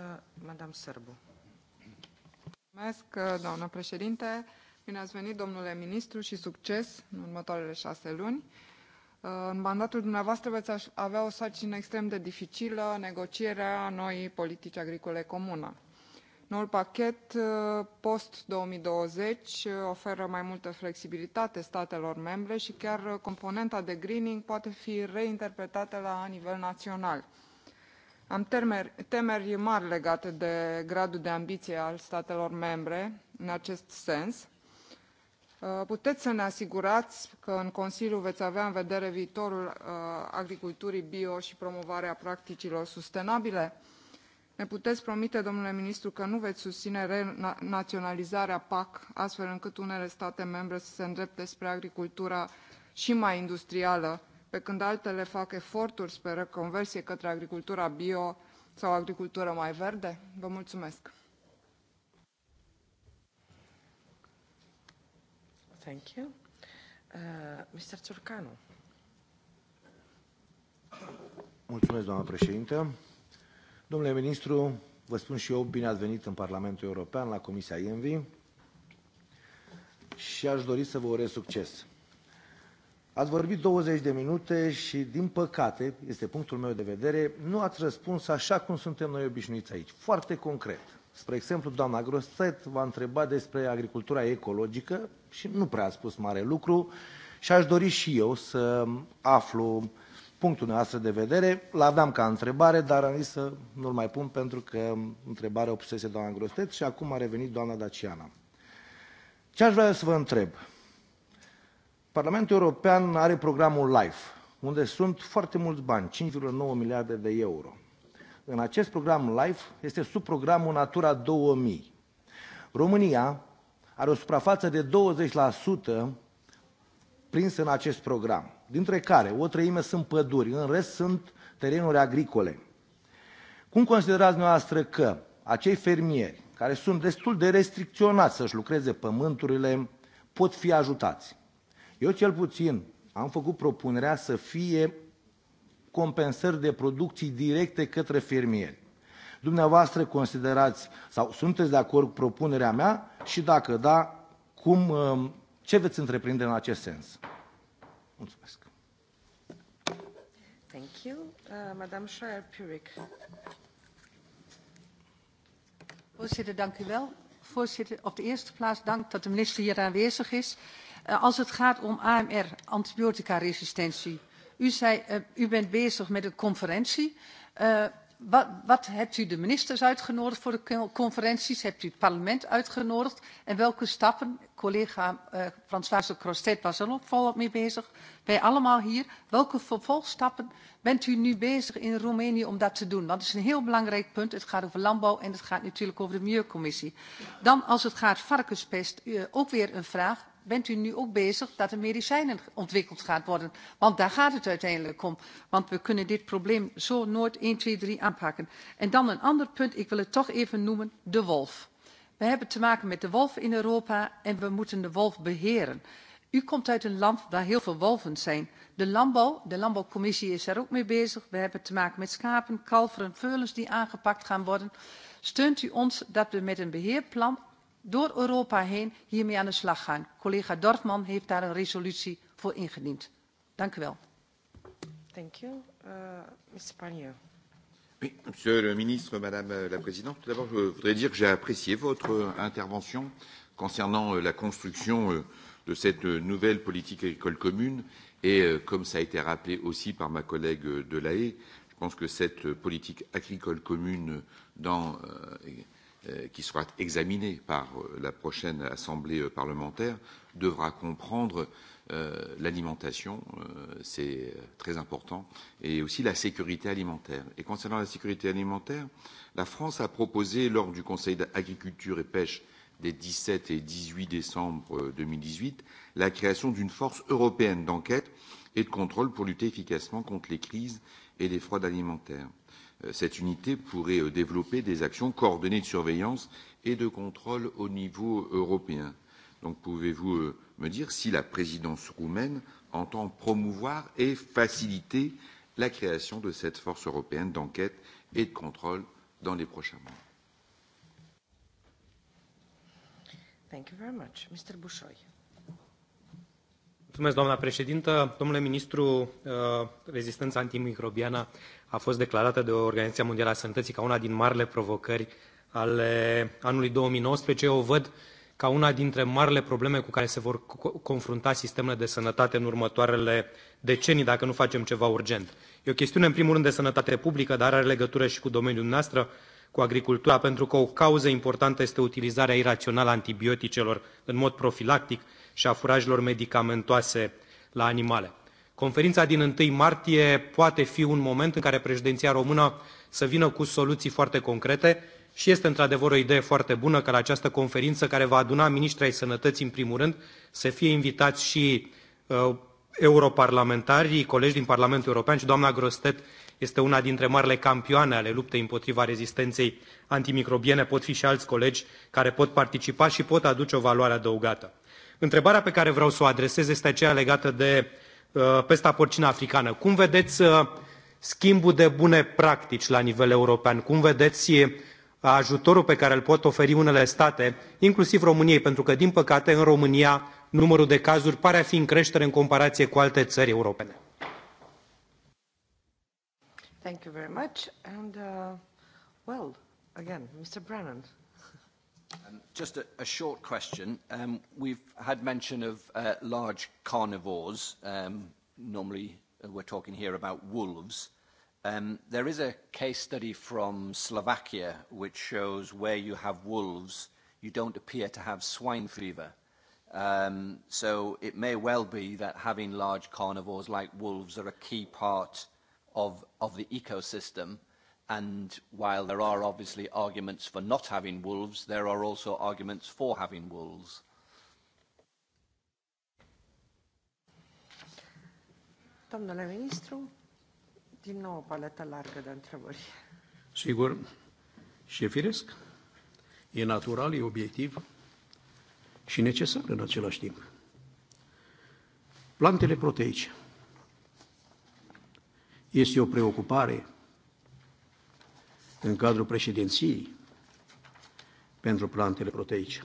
Madame Sârbu. Mulțumesc, uh, doamnă președinte. Bine ați venit, domnule ministru, și succes în următoarele șase luni. Uh, în mandatul dumneavoastră veți avea o sarcină extrem de dificilă, negocierea noii politici agricole comune. Noul pachet post-2020 oferă mai multă flexibilitate statelor membre și chiar componenta de greening poate fi reinterpretată la nivel național. Am temeri, temeri mari legate de gradul de ambiție al statelor membre în acest sens. Uh, puteți să ne asigurați că în Consiliu veți avea în vedere viitorul uh, agriculturii bio și promovarea practicilor sustenabile? Ne puteți promite, domnule ministru, că nu veți susține renaționalizarea PAC, astfel încât unele state membre să se îndrepte spre agricultura și mai industrială pe când altele fac eforturi spre reconversie către agricultura bio sau agricultură mai verde? Vă mulțumesc! Thank you. Uh, Mr. Țurcanu. Mulțumesc, doamnă președintă. Domnule ministru, vă spun și eu bine ați venit în Parlamentul European, la Comisia ENVI și aș dori să vă urez succes. Ați vorbit 20 de minute și, din păcate, este punctul meu de vedere, nu ați răspuns așa cum suntem noi obișnuiți aici, foarte concret. Spre exemplu, doamna Grostet v-a întrebat despre agricultura ecologică și nu prea a spus mare lucru și aș dori și eu să aflu punctul noastră de vedere. L-aveam ca întrebare, dar am zis să nu-l mai pun pentru că întrebarea o pusese doamna Grostet și acum a revenit doamna Daciana. Ce aș vrea să vă întreb? Parlamentul European are programul LIFE, unde sunt foarte mulți bani, 5,9 miliarde de euro. În acest program LIFE este subprogramul Natura 2000. România are o suprafață de 20% prinsă în acest program, dintre care o treime sunt păduri, în rest sunt terenuri agricole. Cum considerați noastră că acei fermieri, care sunt destul de restricționați să-și lucreze pământurile, pot fi ajutați? Eu cel puțin am făcut propunerea să fie compensări de producții directe către fermieri. Dumneavoastră considerați sau sunteți de acord cu propunerea mea și dacă da, cum, um, ce veți întreprinde în acest sens? Mulțumesc. Thank you. Uh, Madame Schreier-Purik. Voorzitter, dank u wel. Voorzitter, op de eerste plaats dank dat de minister hier aanwezig is. Uh, Uh, als het gaat om AMR, antibioticaresistentie. U zei, uh, u bent bezig met een conferentie. Uh, wat, wat hebt u de ministers uitgenodigd voor de conferenties? Hebt u het parlement uitgenodigd? En welke stappen, collega uh, Françoise Crostet was er ook volop mee bezig, wij allemaal hier. Welke vervolgstappen bent u nu bezig in Roemenië om dat te doen? Want het is een heel belangrijk punt. Het gaat over landbouw en het gaat natuurlijk over de Milieucommissie. Dan als het gaat varkenspest, uh, ook weer een vraag bent u nu ook bezig dat er medicijnen ontwikkeld gaan worden? Want daar gaat het uiteindelijk om. Want we kunnen dit probleem zo nooit 1, 2, 3 aanpakken. En dan een ander punt, ik wil het toch even noemen, de wolf. We hebben te maken met de wolf in Europa en we moeten de wolf beheren. U komt uit een land waar heel veel wolven zijn. De landbouw, de landbouwcommissie is daar ook mee bezig. We hebben te maken met schapen, kalveren, veulens die aangepakt gaan worden. Steunt u ons dat we met een beheerplan door Europa heen hiermee aan de slag gaan. Collega Dorfman heeft daar een resolutie voor ingediend. Dank u wel. Thank you. Uh, Mr. Parnier. Oui, monsieur le ministre, madame la présidente, tout d'abord, je voudrais dire que j'ai apprécié votre intervention concernant euh, la construction euh, de cette nouvelle politique agricole commune et, euh, comme ça a été rappelé aussi par ma collègue Delahaye, je pense que cette politique agricole commune dans, euh, Euh, qui sera examiné par euh, la prochaine assemblée euh, parlementaire devra comprendre euh, l'alimentation, euh, c'est très important, et aussi la sécurité alimentaire. Et concernant la sécurité alimentaire, la France a proposé lors du Conseil d'agriculture et pêche des 17 et 18 décembre 2018 la création d'une force européenne d'enquête et de contrôle pour lutter efficacement contre les crises et les fraudes alimentaires cette unité pourrait euh, développer des actions coordonnées de surveillance et de contrôle au niveau européen. Donc pouvez-vous euh, me dire si la présidence roumaine entend promouvoir et faciliter la création de cette force européenne d'enquête et de contrôle dans les prochains mois Thank you very much. Mr. Bushoi. Mulțumesc, doamna președintă. Domnule ministru, uh, rezistența antimicrobiană a fost declarată de Organizația Mondială a Sănătății ca una din marile provocări ale anului 2019. Eu o văd ca una dintre marile probleme cu care se vor confrunta sistemele de sănătate în următoarele decenii, dacă nu facem ceva urgent. E o chestiune, în primul rând, de sănătate publică, dar are legătură și cu domeniul noastră, cu agricultura, pentru că o cauză importantă este utilizarea irațională a antibioticelor în mod profilactic și a furajelor medicamentoase la animale. Conferința din 1 martie poate fi un moment în care președinția română să vină cu soluții foarte concrete și este într-adevăr o idee foarte bună ca la această conferință care va aduna miniștrii ai sănătății în primul rând să fie invitați și uh, europarlamentarii, colegi din Parlamentul European și doamna Grostet este una dintre marile campioane ale luptei împotriva rezistenței antimicrobiene. Pot fi și alți colegi care pot participa și pot aduce o valoare adăugată. Întrebarea pe care vreau să o adresez este aceea legată de uh, Uh, pesta porcină africană. Cum vedeți uh, schimbul de bune practici la nivel european? Cum vedeți uh, ajutorul pe care îl pot oferi unele state, inclusiv României, pentru că, din păcate, în România numărul de cazuri pare a fi în creștere în comparație cu alte țări europene. Thank you very much. And, uh, well, again, Mr. Brennan. Um, just a, a short question. Um, we've had mention of uh, large carnivores. Um, normally, uh, we're talking here about wolves. Um, there is a case study from Slovakia which shows where you have wolves, you don't appear to have swine fever. Um, so it may well be that having large carnivores like wolves are a key part of, of the ecosystem And while there are obviously arguments for not having wolves, there are also arguments for having wolves. Domnule ministru, din nou o paletă largă de întrebări. Sigur, și e firesc, e natural, e obiectiv și necesar în același timp. Plantele proteice este o preocupare în cadrul președinției pentru plantele proteice.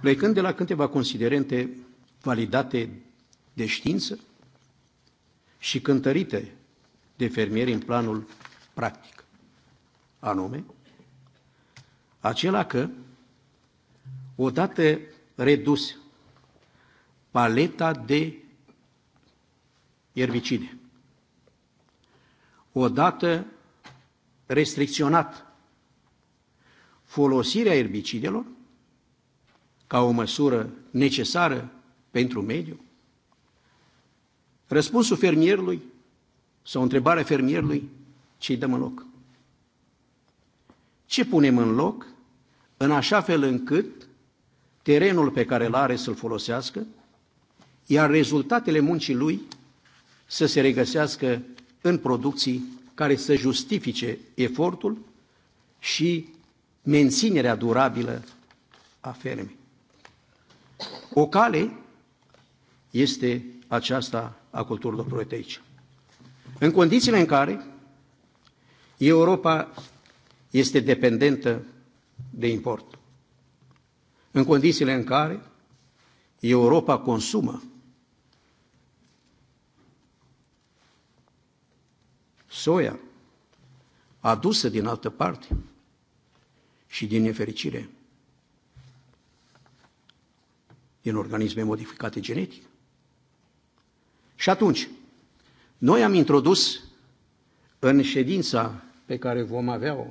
Plecând de la câteva considerente validate de știință și cântărite de fermieri în planul practic, anume, acela că, odată redus paleta de erbicide, odată restricționat folosirea erbicidelor ca o măsură necesară pentru mediu? Răspunsul fermierului sau întrebarea fermierului, ce dăm în loc? Ce punem în loc în așa fel încât terenul pe care îl are să-l folosească, iar rezultatele muncii lui să se regăsească în producții care să justifice efortul și menținerea durabilă a fermei. O cale este aceasta a culturilor proteice. În condițiile în care Europa este dependentă de import, în condițiile în care Europa consumă soia adusă din altă parte și din nefericire din organisme modificate genetic. Și atunci, noi am introdus în ședința pe care vom avea-o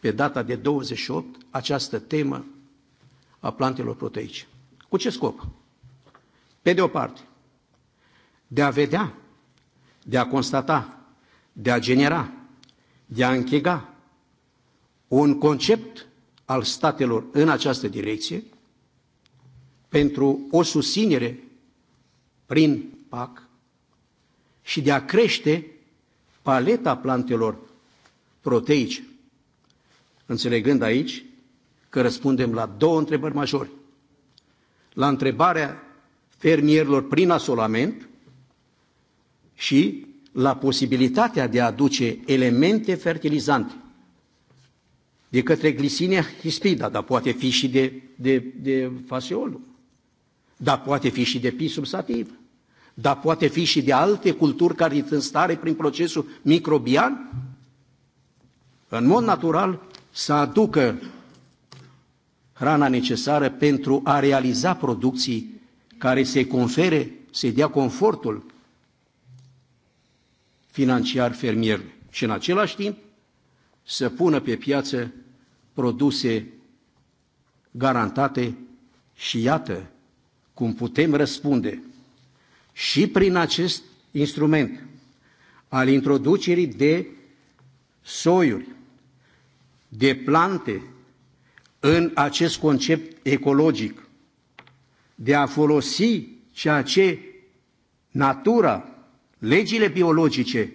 pe data de 28 această temă a plantelor proteice. Cu ce scop? Pe de o parte, de a vedea, de a constata de a genera, de a închega un concept al statelor în această direcție pentru o susținere prin PAC și de a crește paleta plantelor proteice. Înțelegând aici că răspundem la două întrebări majore. La întrebarea fermierilor prin asolament și la posibilitatea de a aduce elemente fertilizante de către glisinia hispida, dar poate fi și de, de, de faseolul, dar poate fi și de pi subsativ, dar poate fi și de alte culturi care sunt în stare prin procesul microbian, în mod natural să aducă hrana necesară pentru a realiza producții care se confere, se dea confortul financiar fermierului și în același timp să pună pe piață produse garantate și iată cum putem răspunde și prin acest instrument al introducerii de soiuri, de plante în acest concept ecologic, de a folosi ceea ce natura legile biologice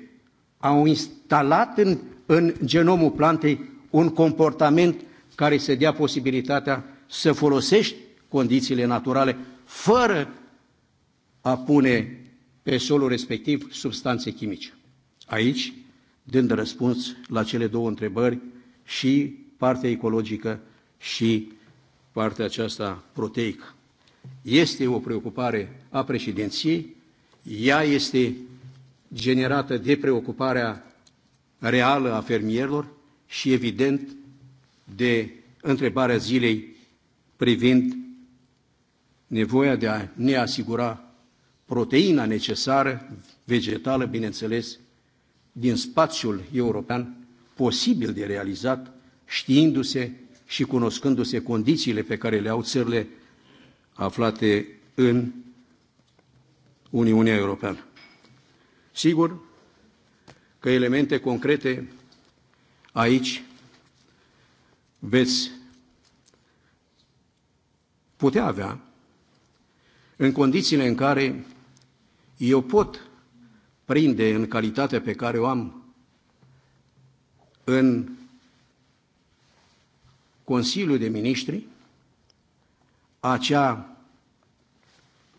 au instalat în, în genomul plantei un comportament care să dea posibilitatea să folosești condițiile naturale fără a pune pe solul respectiv substanțe chimice. Aici, dând răspuns la cele două întrebări, și partea ecologică și partea aceasta proteică. Este o preocupare a președinției, ea este generată de preocuparea reală a fermierilor și, evident, de întrebarea zilei privind nevoia de a ne asigura proteina necesară, vegetală, bineînțeles, din spațiul european, posibil de realizat, știindu-se și cunoscându-se condițiile pe care le au țările aflate în Uniunea Europeană. Sigur că elemente concrete aici veți putea avea în condițiile în care eu pot prinde în calitatea pe care o am în Consiliul de Ministri acea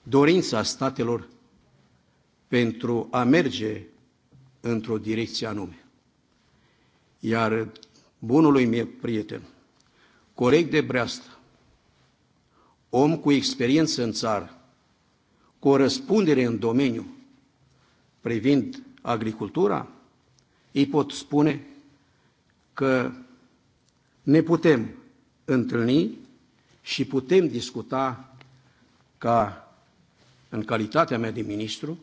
dorință a statelor pentru a merge într-o direcție anume. Iar bunului meu prieten, coleg de breastă, om cu experiență în țară, cu o răspundere în domeniu privind agricultura, ei pot spune că ne putem întâlni și putem discuta ca în calitatea mea de ministru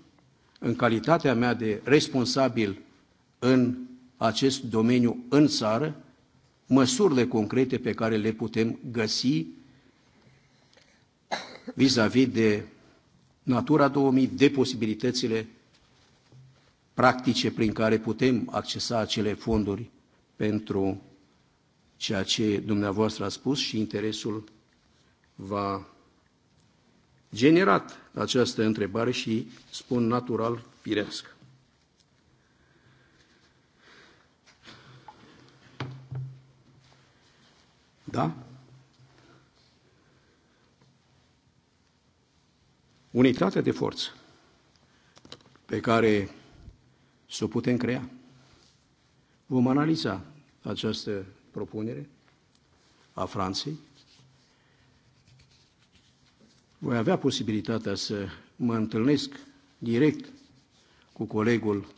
în calitatea mea de responsabil în acest domeniu în țară, măsurile concrete pe care le putem găsi vis-a-vis -vis de Natura 2000, de posibilitățile practice prin care putem accesa acele fonduri pentru ceea ce dumneavoastră a spus și interesul va generat această întrebare și spun natural firească. Da? Unitatea de forță pe care să o putem crea. Vom analiza această propunere a Franței, voi avea posibilitatea să mă întâlnesc direct cu colegul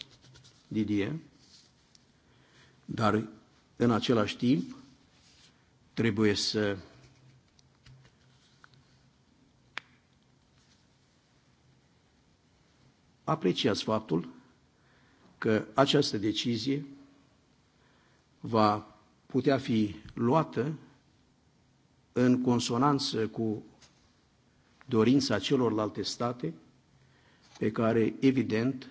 Didier, dar în același timp trebuie să apreciați faptul că această decizie va putea fi luată în consonanță cu dorința celorlalte state pe care, evident,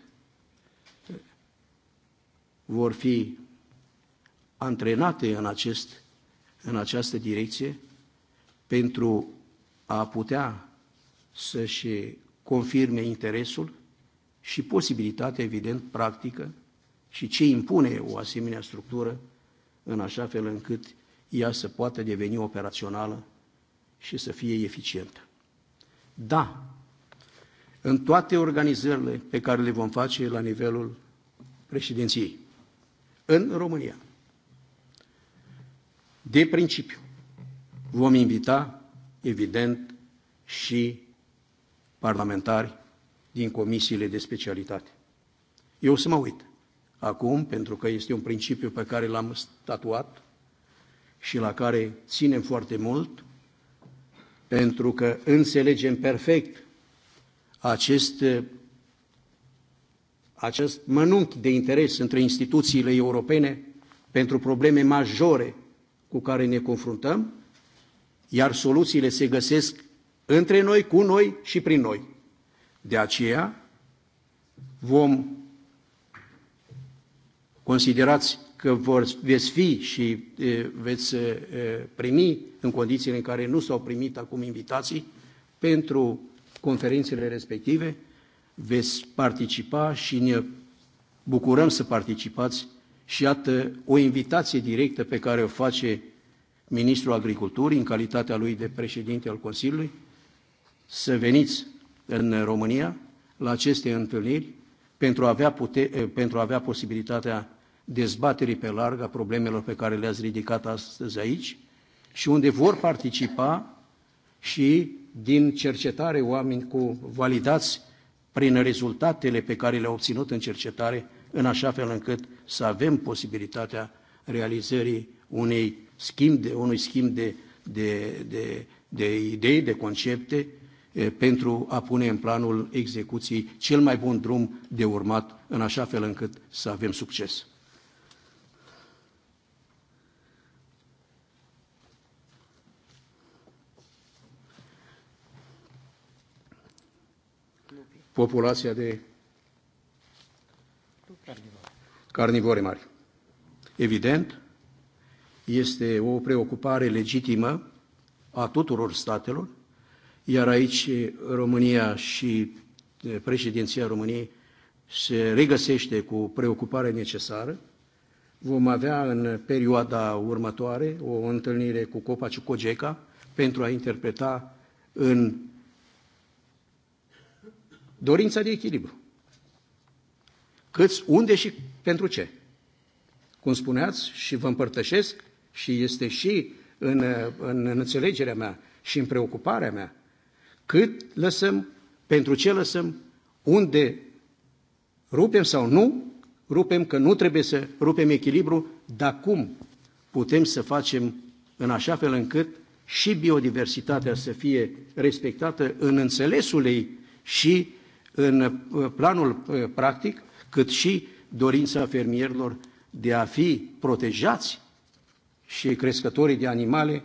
vor fi antrenate în, acest, în această direcție pentru a putea să-și confirme interesul și posibilitatea, evident, practică și ce impune o asemenea structură în așa fel încât ea să poată deveni operațională și să fie eficientă. Da, în toate organizările pe care le vom face la nivelul președinției. În România, de principiu, vom invita, evident, și parlamentari din comisiile de specialitate. Eu o să mă uit acum, pentru că este un principiu pe care l-am statuat și la care ținem foarte mult, pentru că înțelegem perfect acest, acest mănunchi de interes între instituțiile europene pentru probleme majore cu care ne confruntăm, iar soluțiile se găsesc între noi, cu noi și prin noi. De aceea vom considerați că vor, veți fi și e, veți e, primi în condițiile în care nu s-au primit acum invitații pentru conferințele respective, veți participa și ne bucurăm să participați și iată o invitație directă pe care o face Ministrul Agriculturii în calitatea lui de președinte al Consiliului să veniți în România la aceste întâlniri pentru a avea, pute- e, pentru a avea posibilitatea dezbaterii pe larg a problemelor pe care le-ați ridicat astăzi aici și unde vor participa și din cercetare oameni cu validați prin rezultatele pe care le-au obținut în cercetare, în așa fel încât să avem posibilitatea realizării unei schimb de, unui schimb de, de, de, de idei, de concepte, e, pentru a pune în planul execuției cel mai bun drum de urmat, în așa fel încât să avem succes. populația de carnivore mari. Evident, este o preocupare legitimă a tuturor statelor, iar aici România și eh, președinția României se regăsește cu preocupare necesară. Vom avea în perioada următoare o întâlnire cu Copa Cicogeca pentru a interpreta în dorința de echilibru. Câți, unde și pentru ce. Cum spuneați și vă împărtășesc și este și în, în, în înțelegerea mea și în preocuparea mea, cât lăsăm, pentru ce lăsăm, unde rupem sau nu, rupem că nu trebuie să rupem echilibru, dar cum putem să facem în așa fel încât și biodiversitatea să fie respectată în înțelesul ei și în uh, planul uh, practic, cât și dorința fermierilor de a fi protejați și crescătorii de animale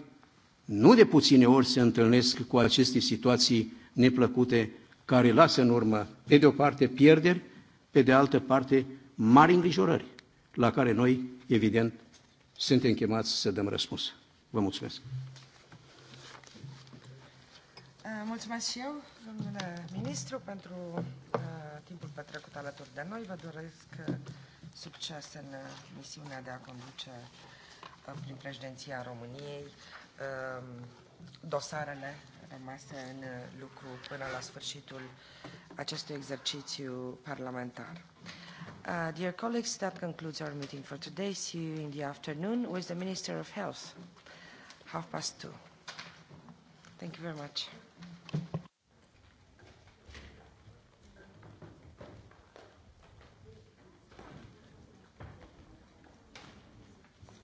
nu de puține ori se întâlnesc cu aceste situații neplăcute care lasă în urmă, pe de o parte, pierderi, pe de altă parte, mari îngrijorări, la care noi, evident, suntem chemați să dăm răspuns. Vă mulțumesc! Uh, mulțumesc și eu, domnule ministru, pentru uh, timpul petrecut alături de noi. Vă doresc uh, succes în misiunea de a conduce prin președinția României um, dosarele rămase în lucru până la sfârșitul acestui exercițiu parlamentar. Uh, dear colleagues, that concludes our meeting for today. See you in the afternoon with the Minister of Health, half past two. Thank you very much.